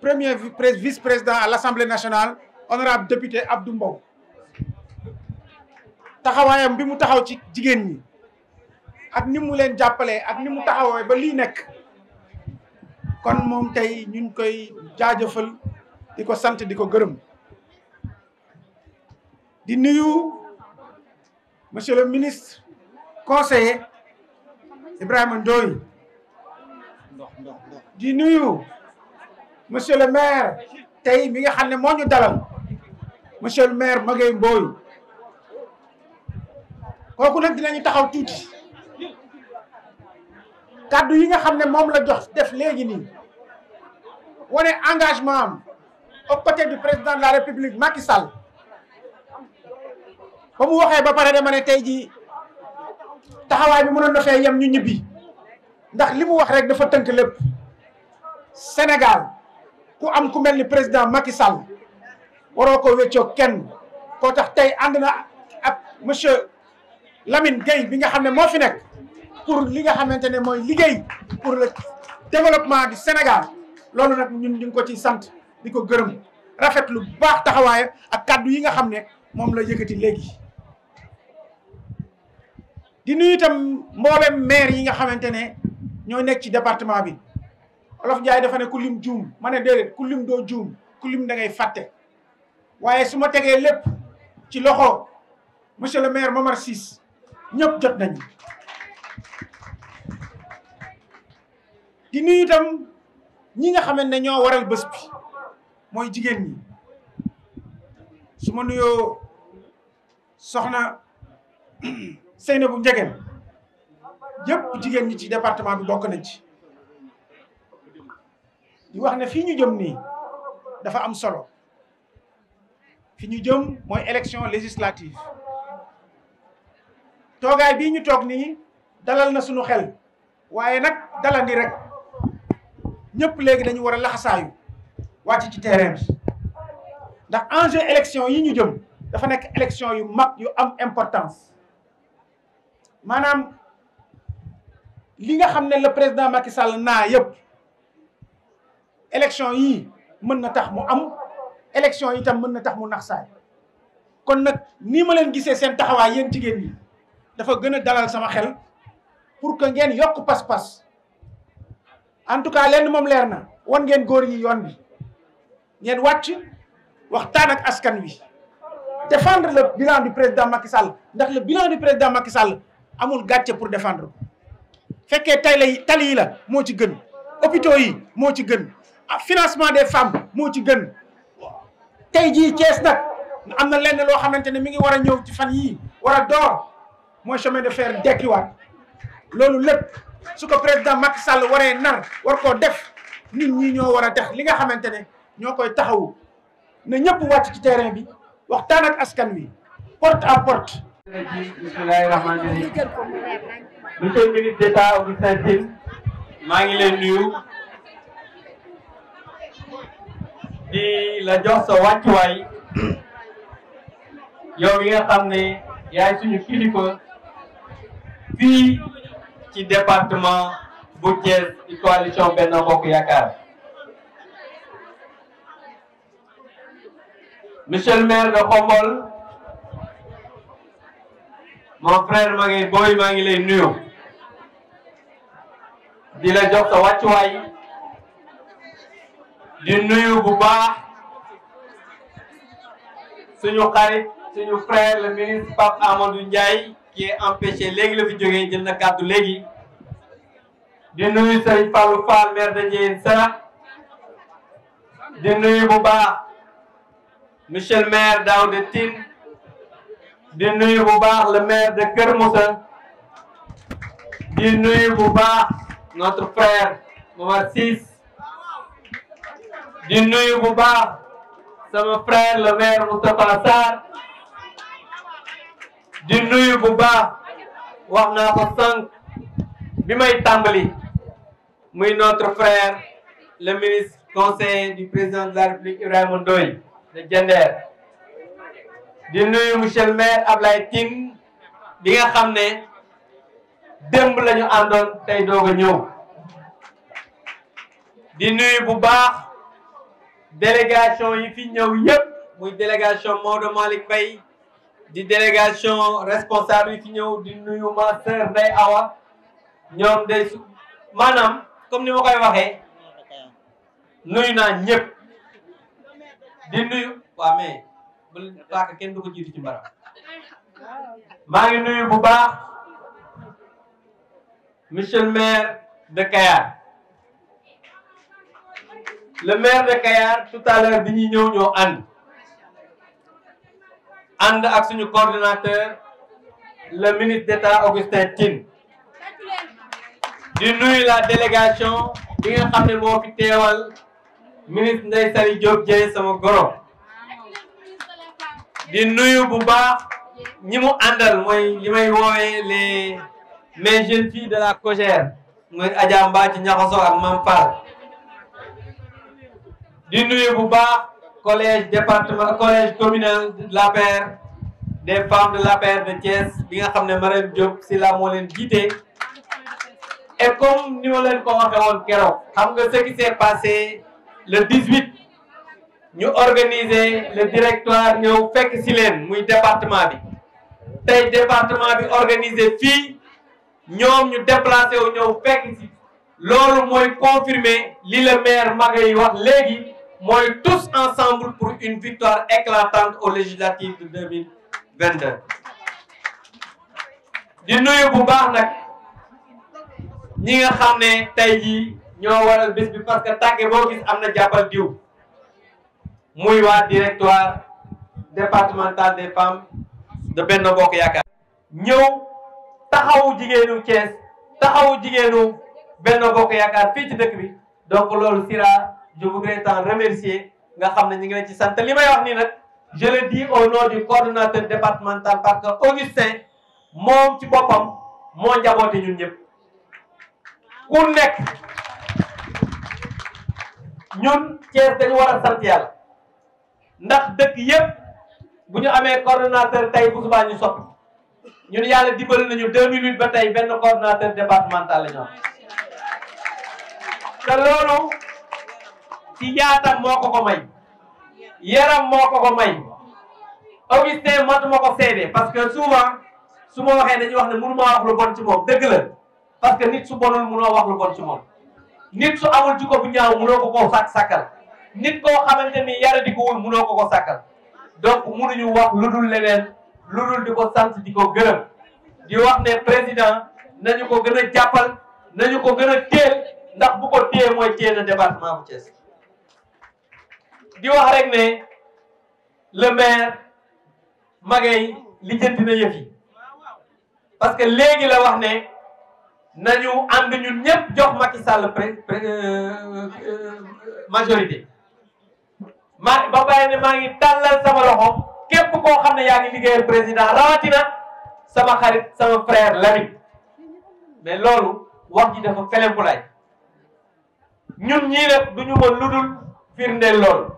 premier vice-président à l'Assemblée nationale honorable député Abdou Mbow taxawaayam bi mu taxaw ci jigéen ñi ak ni mu leen jàppalee ak ni mu taxawee ba lii nekk kon moom tey ñu ngi koy jaajëfal di ko sant di ko gërëm di nuyu monsieur le ministre conseiller Ibrahima Ndoye di nuyu monsieur le maire tey mi nga xam ne moo ñu dalal monsieur le maire Magueye Mboye kooku nag ñu taxaw tuuti kàddu yi nga xam ne moom la jox def léegi nii wane engagement am au côté du président de la république Macky Sall ba mu waxee ba pare dama ne tey jii taxawaay bi mënoon na fee yem ñu ñibbi ndax li mu wax rek dafa tënk lépp Sénégal ku am ku mel ni président Macky Sall waroo ko wéccoo kenn koo tax tey ànd na ak monsieur Lamine Gueye bi nga xam ne moo fi nekk. pour li nga xamante ne mooy liggéey pour le développement du Sénégal loolu nag ñun ñu ko ci sant di ko gërëm rafet lu baax taxawaay ak kàddu yi nga xam ne moom la yëkkati léegi. di nuyu tam mboolem maire yi nga xamante ne ñoo nekk ci département bi Olof Njaay dafa ne ku lim juum ma ne déedéet ku lim doo juum ku lim da fàtte waaye su ma tegee lépp ci loxo monsieur le maire Momar Ciss ñëpp jot nañ di nuyu itam ñi nga xamante ne ñoo waral bës bi mooy jigéen ñi su ma nuyoo soxna bu Ndiéguène yëpp jigéen ñi ci département bi bokk na ci di wax ne fii ñu jëm nii dafa am solo fi ñu jëm mooy élection législative toogaay bii ñu toog nii dalal na suñu xel waaye nag dalandi rek ñëpp léegi dañu war a laxasaayu wàcc ci terrain bi ndax enjeu élection yi ñu jëm dafa nekk élection yu mag yu am importance maanaam li nga xam ne le président Macky Sall naa yëpp élection yi mën na tax mu am élection yi tam mën na tax mu naxsaay kon nag ni ma leen gisee seen taxawaay yéen jigéen ñi dafa gën a dalal sama xel pour que ngeen yokk pas-pas en tout cas lenn moom leer na wan ngeen góor yi yoon bi ngeen wàcc waxtaan ak askan wi défendre la bilan du président Macky Sall ndax le bilan du président Macky sàll amul gàcce pour défendre ko fekkee tay lay tali la moo ci gën hôpitaux yi moo ci gën ah, financement des femmes moo ci gën tey jii Thiès nag am na lenn loo xamante ne mi ngi war a ñëw ci fan yi war a door mooy chemin de fer dekkiwaat loolu lépp su ko président Macky Sall waree nar war koo def nit ñi ñoo war a def li nga xamante ne ñoo koy taxawu na ñëpp wàcc ci terrain bi waxtaan ak askan wi port à porte. bismillahi rahmani rahim monsieur maa ngi leen nuyu di la jox sa wàccuwaay yow yi nga xam ne yaay suñu kilifa fii ci département bu Thiès ci coalition Benno Bokk Yaakaar monsieur le maire de mon frère ma ngi booy maa ngi lay nuyu di la jox sa wàccuwaay di nuyu bu baax suñu xarit suñu frère le ministre Pape Amadou Ndiaye qui est empêché léegi la fi jógee jël na kàddu léegi di nuyu Serigne Fallou Fall maire de Ndiéyène di nuyu bu baax monsieur le maire Daouda di nuyu bu baax le maire de Kër di nuyu bu baax notre frère Momar Ciss di nuyu bu baax sama frère le maire Moustapha Sarr di nuyu bu baax wax naa ko sànq bi may tàmbali muy notre frère le ministre conseiller du président de la République Ibrahima Ndoye de Diender di nuyu monsieur le maire Ablaye Tine bi nga xam ne démb la ñu àndoon tey doog a ñëw di nuyu bu baax délégation yi fi ñëw yépp muy délégation Maodo Malick Faye di délégation responsable yi ñëw di nuyu ma sœur Ndeye Awa ñoom day su maanaam comme ni ma koy waxee nuyu naa ñëpp di nuyu waaw mais bu paaka kenn du ko jiitu ci mbaram maa ngi nuyu bu baax monsieur le maire de Kayar le maire de Kayar tout à l'heure bi ñuy ñëw ñoo ànd ak suñu coordinateur le ministre d'État Augustin Tine di nuyu la délégation bi nga xam ne moo fi teewal ministre Ndeye Saly Diop Dieye sama goro di nuyu bu baax ñi mu àndal mooy li may woowee les mes jeunes filles de la Cogère muy Adja ñaxaso ak Mam Fall di nuyu bu baax collège département collège communal de l'APR des femmes de de Thiès bi nga xam ne Marème Diop si la moo leen jiite. et comme ni ma leen ko waxee woon keroog xam nga ce qui s'est passé le 18 ñu organiser le directoire ñëw fekk si leen muy département bi tey département bi organiser fii ñoom ñu déplacé wu ñëw fekk loolu mooy confirmer li le maire Maguette wax léegi. mooy tous ensemble pour une victoire éclatante aux législatives de 2022 di nuyu bu baax nag ñi nga xam ne tey jii ñoo waral bés bi parce que tàgge boo gis am na jàppal diw muy waa directoire départemental des femmes de Benno Bokk Yaakaar ñëw taxawu jigéenu Thiès taxawu jigéenu benn Bokk Yaakaar fii ci dëkk bi donc loolu sira je voudrais t'en remercier nga xam ne ñu ngi leen ci sant li may wax nii nag je le dis au nom du coordonnateur départemental parce que Augustin moom ci boppam moo njaboote ñun ñëpp ku nekk ñun Thiès dañu war a sant yàlla ndax dëkk yëpp bu ñu amee coordonnateur tey bu subaa ñu soppi ñun yàlla dimbali nañu 2008 ba tey benn coordonnateur départemental la am te loolu ci yaatam moo ko ko may yaram moo ko ko may Augustin moo ko seede parce que souvent su ma waxee dañuy wax ne mënu maa wax lu bon ci moom dëgg parce que nit su bonul mënoo wax lu bon ci moom nit su amul jikko bu ñaaw mënoo ko koo sàkk sàkkal nit koo xamante ni yara di ko wul mënoo ko ko sàkkal donc mënuñu wax lu dul leneen lu dul di ko sant di ko gërëm di wax ne président nañu ko gën a jàppal nañu ko gën a téel ndax bu ko téye mooy téye na département di wax rek ne le maire Magaye lijjanti na yëf yi parce que léegi la wax ne na nañu ànd ñu ñëpp jox Macky Sall pré euh, euh, majorité ma ba bàyyi ne maa ngi tàllal sama loxo képp koo xam ne yaa ngi liggéeyal président rawatina sama xarit sama frère Lamine mais loolu wax ji dafa felenkulaay ñun ñii nag du ñu mën lu dul firndeel loolu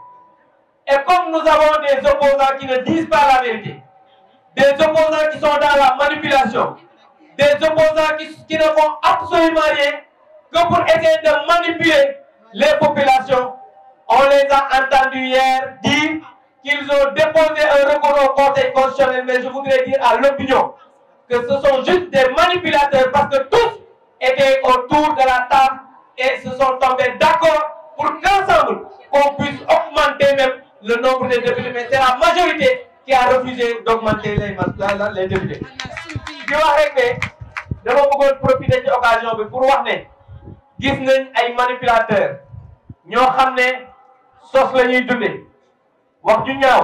Et comme nous avons des opposants qui ne disent pas la vérité, des opposants qui sont dans la manipulation, des opposants qui, ne font absolument rien que pour essayer de manipuler les populations, on les a hier dire qu'ils ont déposé un au Conseil constitutionnel, mais je voudrais dire à l'opinion que ce sont juste des manipulateurs parce que tous étaient autour de la table et se sont tombés d'accord pour qu'ensemble, on puisse augmenter le nombre des députés mais c'est la majorité qui a refusé d'augmenter les ma les députés. di wax rek ne dama bëggoon profiter ci occasion bi pour wax ne gis nañ ay manipulateurs ñoo xam ne sos la ñuy dundee wax ju ñaaw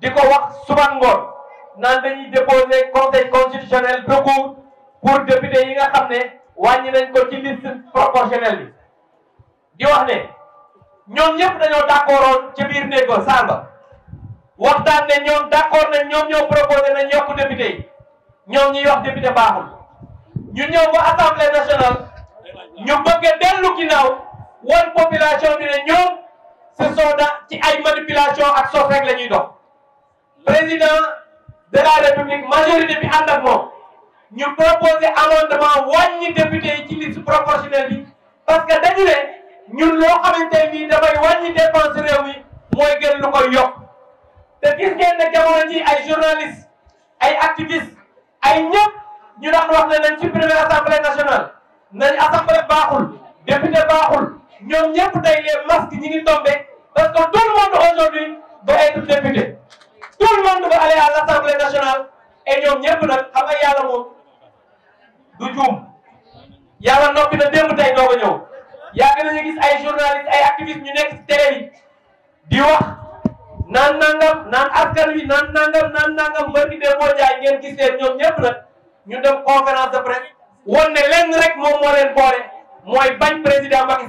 di ko wax suba ngoon naan dañuy déposer conseil constitutionnel recours pour député yi nga xam ne wàññi nañ ko ci liste proportionnelle bi di wax ne. ñoom ñëpp dañoo d'accordoon ci biir néeg ba saal ba waxtaan ne ñoom d'accord nañ ñoom ñoo proposé nañ yokk député yi ñoom ñuy wax député baaxul ñu ñëw ba assemblée nationale ñu bëgg a dellu ginnaaw wan population bi ne ñoom ce sont ci ay manipulation ak sof rek la ñuy dox président de la république majorité bi ànd moom ñu proposé amendement wàññi député yi ci liste proportionnelle bi parce que dañu ne ñun loo xamante ne nii dafay wàññi dépense réew mooy gën lu koy yokk te gis ngeen ne jamono ay journaliste ay activiste ay ñëpp ñu daan wax ne nañ ci première assemblée nationale nañ assemblée baaxul député baaxul ñoom ñëpp tey les masques ñi ngi tombé parce que tout le monde aujourd'hui doit être député tout le monde va aller à l'assemblée nationale et ñoom ñëpp nag xam nga yàlla moom du juum yàlla noppi na démb tey doo ko yàgg nañu gis ay journaliste ay activiste ñu nekk ci télé yi di wax naan nangam naan askan wi naan nangam naan nangam mbërki de moo jaay ngeen gis leen ñoom ñëpp ñu dem conférence de presse woon ne lenn rek moom moo leen mooy bañ président Macky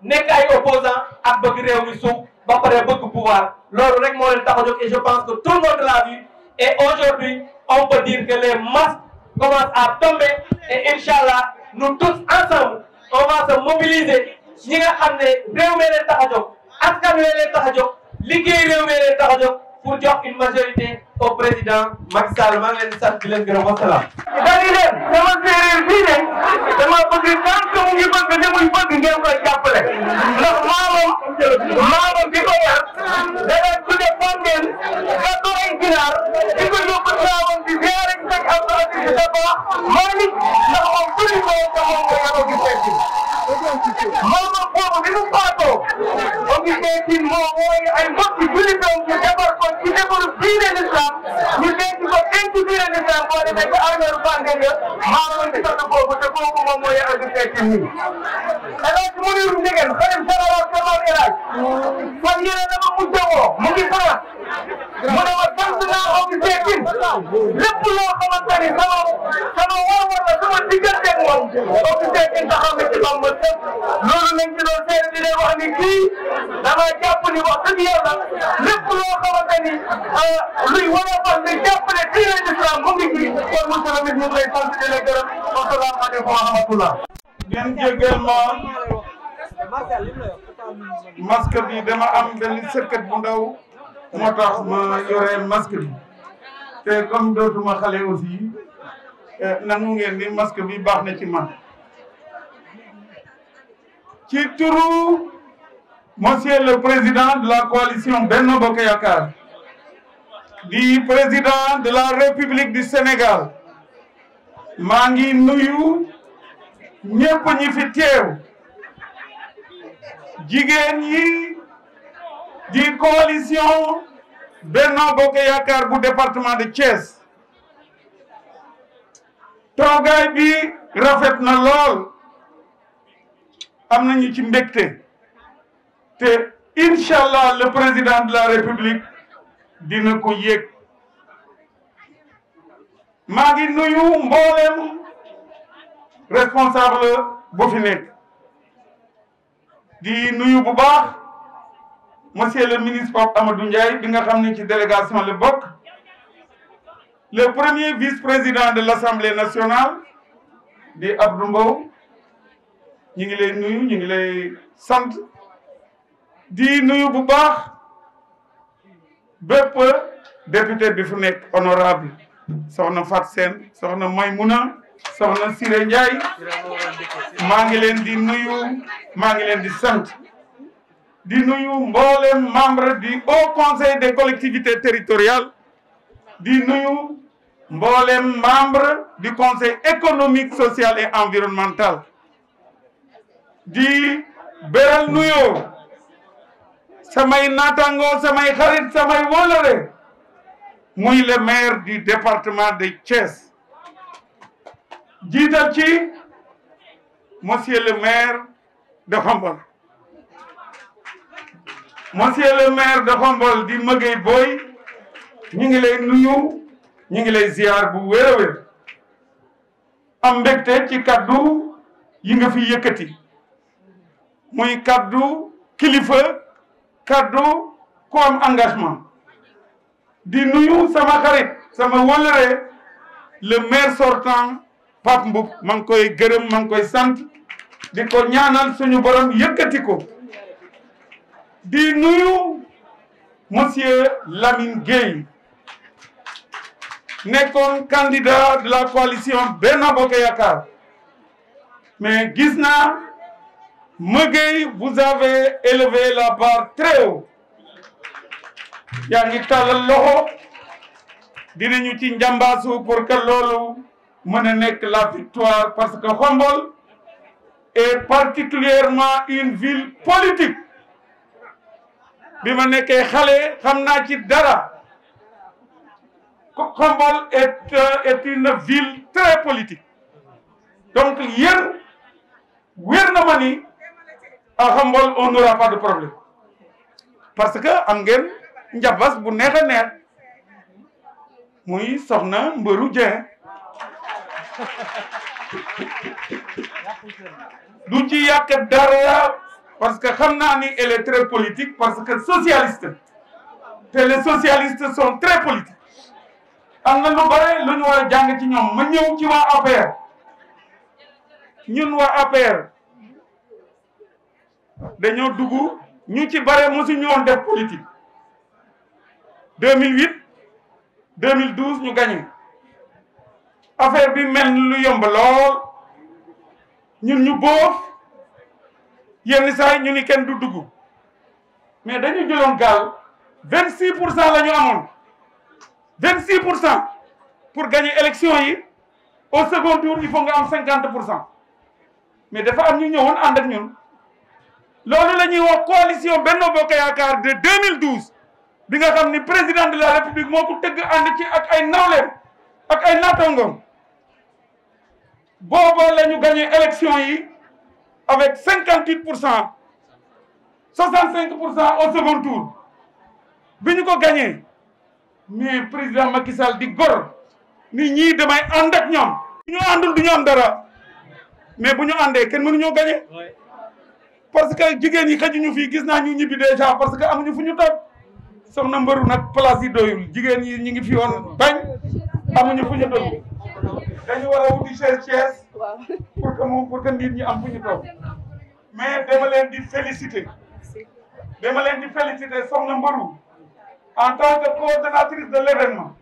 nekk ay opposant ak bëgg réew mi suuf ba pare bëgg pouvoir loolu rek moo leen tax a je pense que tout le vu et aujourd'hui on peut dire que les masques commencent à tomber et inch'Allah nous tous ensemble on va se mobiliser ñi nga xam ne réew mi leen tax a jóg askan wi leen tax a jóg liggéey réew mi leen tax a jóg pour jox une majorité au président Macky Sall maa ngi leen di sant di leen gërëm wa salaam. dañuy leen sama séeréer fii de dama bëgg tant que mu ngi bëgg li muy bëgg ngeen koy jàppale ndax maamam maamam bi ko yar da daan tudde fontaine gàddu ay ginaar di ko yóbbu saawam di ziare di fekk am na ci sa baax Malick ndax moom suñu moom te moom nga yaroo gi seeti maamam boobu bi mu faatoo ba mu seeti moo wooye ay mbokk jullitam ñu defar ko ci defaru diine l'islam lislaam ñu denc ko denc biir lislaam boo demee ci armeeru bànqee ya maanaam ci sant boobu te kooku moom mooy adu tekki nii. alors que mu ngi njëgën xëy na sa rawaat sa maam Irak. kon yéen a dama mujjee woo mu ngi France. mu ne ma sant naa ko ci teekin lépp loo xamante ni sama sama war-war la sama digganteeg moom koo ci teekin taxaw na ci Bamba sëpp loolu lañ ci doon seet di leen wax ni kii dama jàpp ni wax dëgg yàlla lépp loo xamante ni euh, luy war a fas di jàpp ne diine l'islam mu ngi ci kon monsieur le ministre ñu ngi lay sant di la gërëm wasalaamaaleykum wa rahmatullah ngeen jégal ma masque bi dama am benn sëkkat bu ndaw moo tax ma yoree masque bi te comme dootuma xale aussi eh, nangu ngeen ni masque bi baax na ci man ci turu monsieur le président de la coalition Benno Bokk Yakaar di président de la république du Sénégal maa ngi nuyu ñëpp ñi fi teew jigéen di coalition Benno Bokk Yaakaar bu département de Thiès toogaay bi rafet na lool am nañu ci mbégte te incha allah le président de la république dina ko yëg maa ngi nuyu mboolem responsable bu di nuyu bu baax monsieur le ministre Pape Amadou Ndiaye bi nga xam ne ci délégation la bokk le premier vice-président de l'Assemblée nationale di Abdou Mbow ñu ngi lay nuyu ñu ngi lay sant di nuyu bu baax bépp député bi fu nekk honorable soxna Fat seen soxna Maymouna soxna Siré Ndiaye maa ngi leen di nuyu maa ngi leen di sant di nuyu mbooleem membre du haut conseil des collectivités territoriales di nuyu mbooleem membre du conseil économique social et environnemental di beral nuyoo samay naataangoo samay xarit samay wolore muy le maire du département de Thiès jiital ci monsieur le maire de Xombol monsieur le maire de Khombole di Mëgëy Boy ñu ngi lay nuyu ñu ngi lay ziar bu wér am mbégte ci kaddu yi nga fi yëkkati muy kaddu kilifa kaddu ku am engagement di nuyu sama xarit sama wëlëre le maire sortant Pape Mboup ma ngi koy gërëm ma ngi koy sant di ko ñaanal suñu borom yëkkati ko di nuyu monsieur Lamine Gueye nekkoon candidat de la coalition Benno Bokk Yakaar mais gis naa Gueye vous avez élevé la barre très haut yaa ngi tàllal loxo dinañu ci njambaasu pour que loolu mën nekk la victoire parce que Khombole est particulièrement une ville politique bi ma nekkee xale xam naa ci dara Khombole est euh, est une ville très politique donc yéen wér na ma ni à Khombole on n'aura pas de problème parce que am ngeen njabas bu neex a neex muy soxna Mbëru Dieng du ci yàq dara. parce que xam naa ni elle est très parce que socialiste te les socialistes sont très politiques am na lu bare lu ñu war jàng ci ñoom ma ñëw ci waa APR ñun waa APR dañoo dugg ñu ci bare mosuñu woon def politique 2008 2012 ñu gagné affaire bi mel ni lu yomb lool ñun ñu boof. yenn saa yi ñu ni kenn du duggu mais dañu jëloon gaal vingt six pour cent la ñu amoon vingt six pour cent pour gagner élection yi au second tour il faut nga am cinquante pour cent mais dafa am ñu ñëwoon ànd ak ñun loolu la ñuy wax coalition Benno Bokk Yaakaar de 2012 bi nga xam ni président de la république moo ko tëgg ànd ci ak ay nawleem ak ay naataangoom booba la ñu gagné élection yi avec 58 pour cent cinq pour cent au second tour bi ñu ko gagné mais président Macky Sall di gor nit ñi damay ànd ak ñoom. bu ñu àndul du ñu am dara mais bu ñu àndee kenn mënuñoo gagné parce que jigéen yi xëjuñu fii gis naa ñu ñibbi déjà parce que amuñu fu ñu toog soxna mbëru nag place yi jigéen yi ñu ngi fi woon bañ amuñu fu ñu toog. dañu war a wuti seen Thiès pour que moom pour que nit ñi am fu ñu toog mais dama leen di féliciter dama leen di féliciter soxna Mbarou en tant que coordonnatrice de l'événement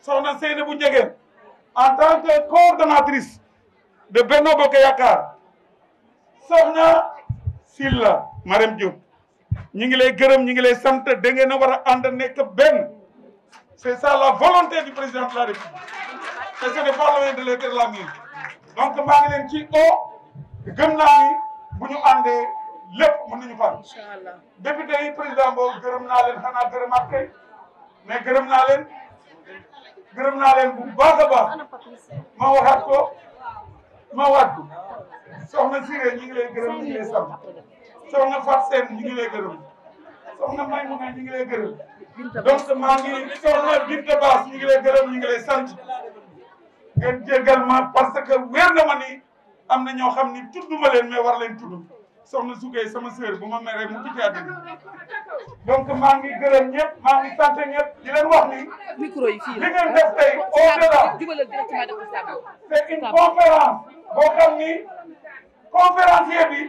soxna bu Ndiéguène en tant que coordonnatrice de Benno Bokk Yakaar soxna Silla Marème Diop ñi ngi lay gërëm ñi ngi lay sant da ngeen a war a ànd nekk benn c'est ça la volonté du président de la République te ce n'est pas le moyen de les faire la donc maa ngi leen ci o gëm naa bu ñu àndee lépp mën nañu far député yi président boo gërëm naa leen xanaa gërëmaat kay mais gërëm naa leen gërëm naa leen bu baax a baax ma waxaat ko ma waat ko soxna ñu ngi lay gërëm ñu ngi lay sant soxna Fatou Sène ngi lay gërëm soxna Maymouna ñu ngi lay gërëm donc maa ngi soxna Binta Baas ngi lay gërëm ñu ngi lay sant ngeen jéggal parce que wér na ma ni am na ñoo xam ni ma leen mais war leen tudd soxna Soukeye sama sœur bu ma meree mu tuuti àddina donc maa ngi gërëm ñëpp maa ngi sant ñëpp di leen wax ni. micro yi fii li ngeen def tey au delà c'est une conférence boo xam ni conférencier bi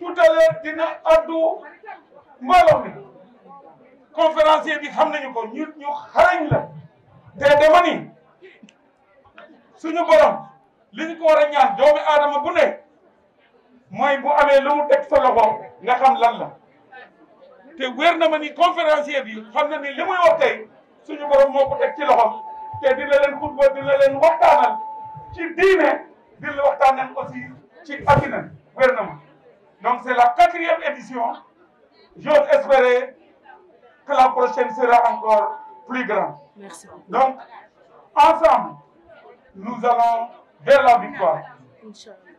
tout à l'heure dina addu mbooloo mi conférencier bi xam nañu ko ñu ñu xarañ la te dama ni. suñu borom li ñu ko war a ñaan doomi aadama bu ne mooy bu amee lu mu teg sa loxo nga xam lan la te wér na ma ni conférencier bi xam na ni li muy wax tey suñu borom moo ko teg ci loxom te dina leen xutba dina leen waxtaanal ci diine dina la waxtaanal aussi ci addina wér na ma donc c'est la quatrième édition j'ose espérer que la prochaine sera encore plus grande donc ensemble nous allons vers la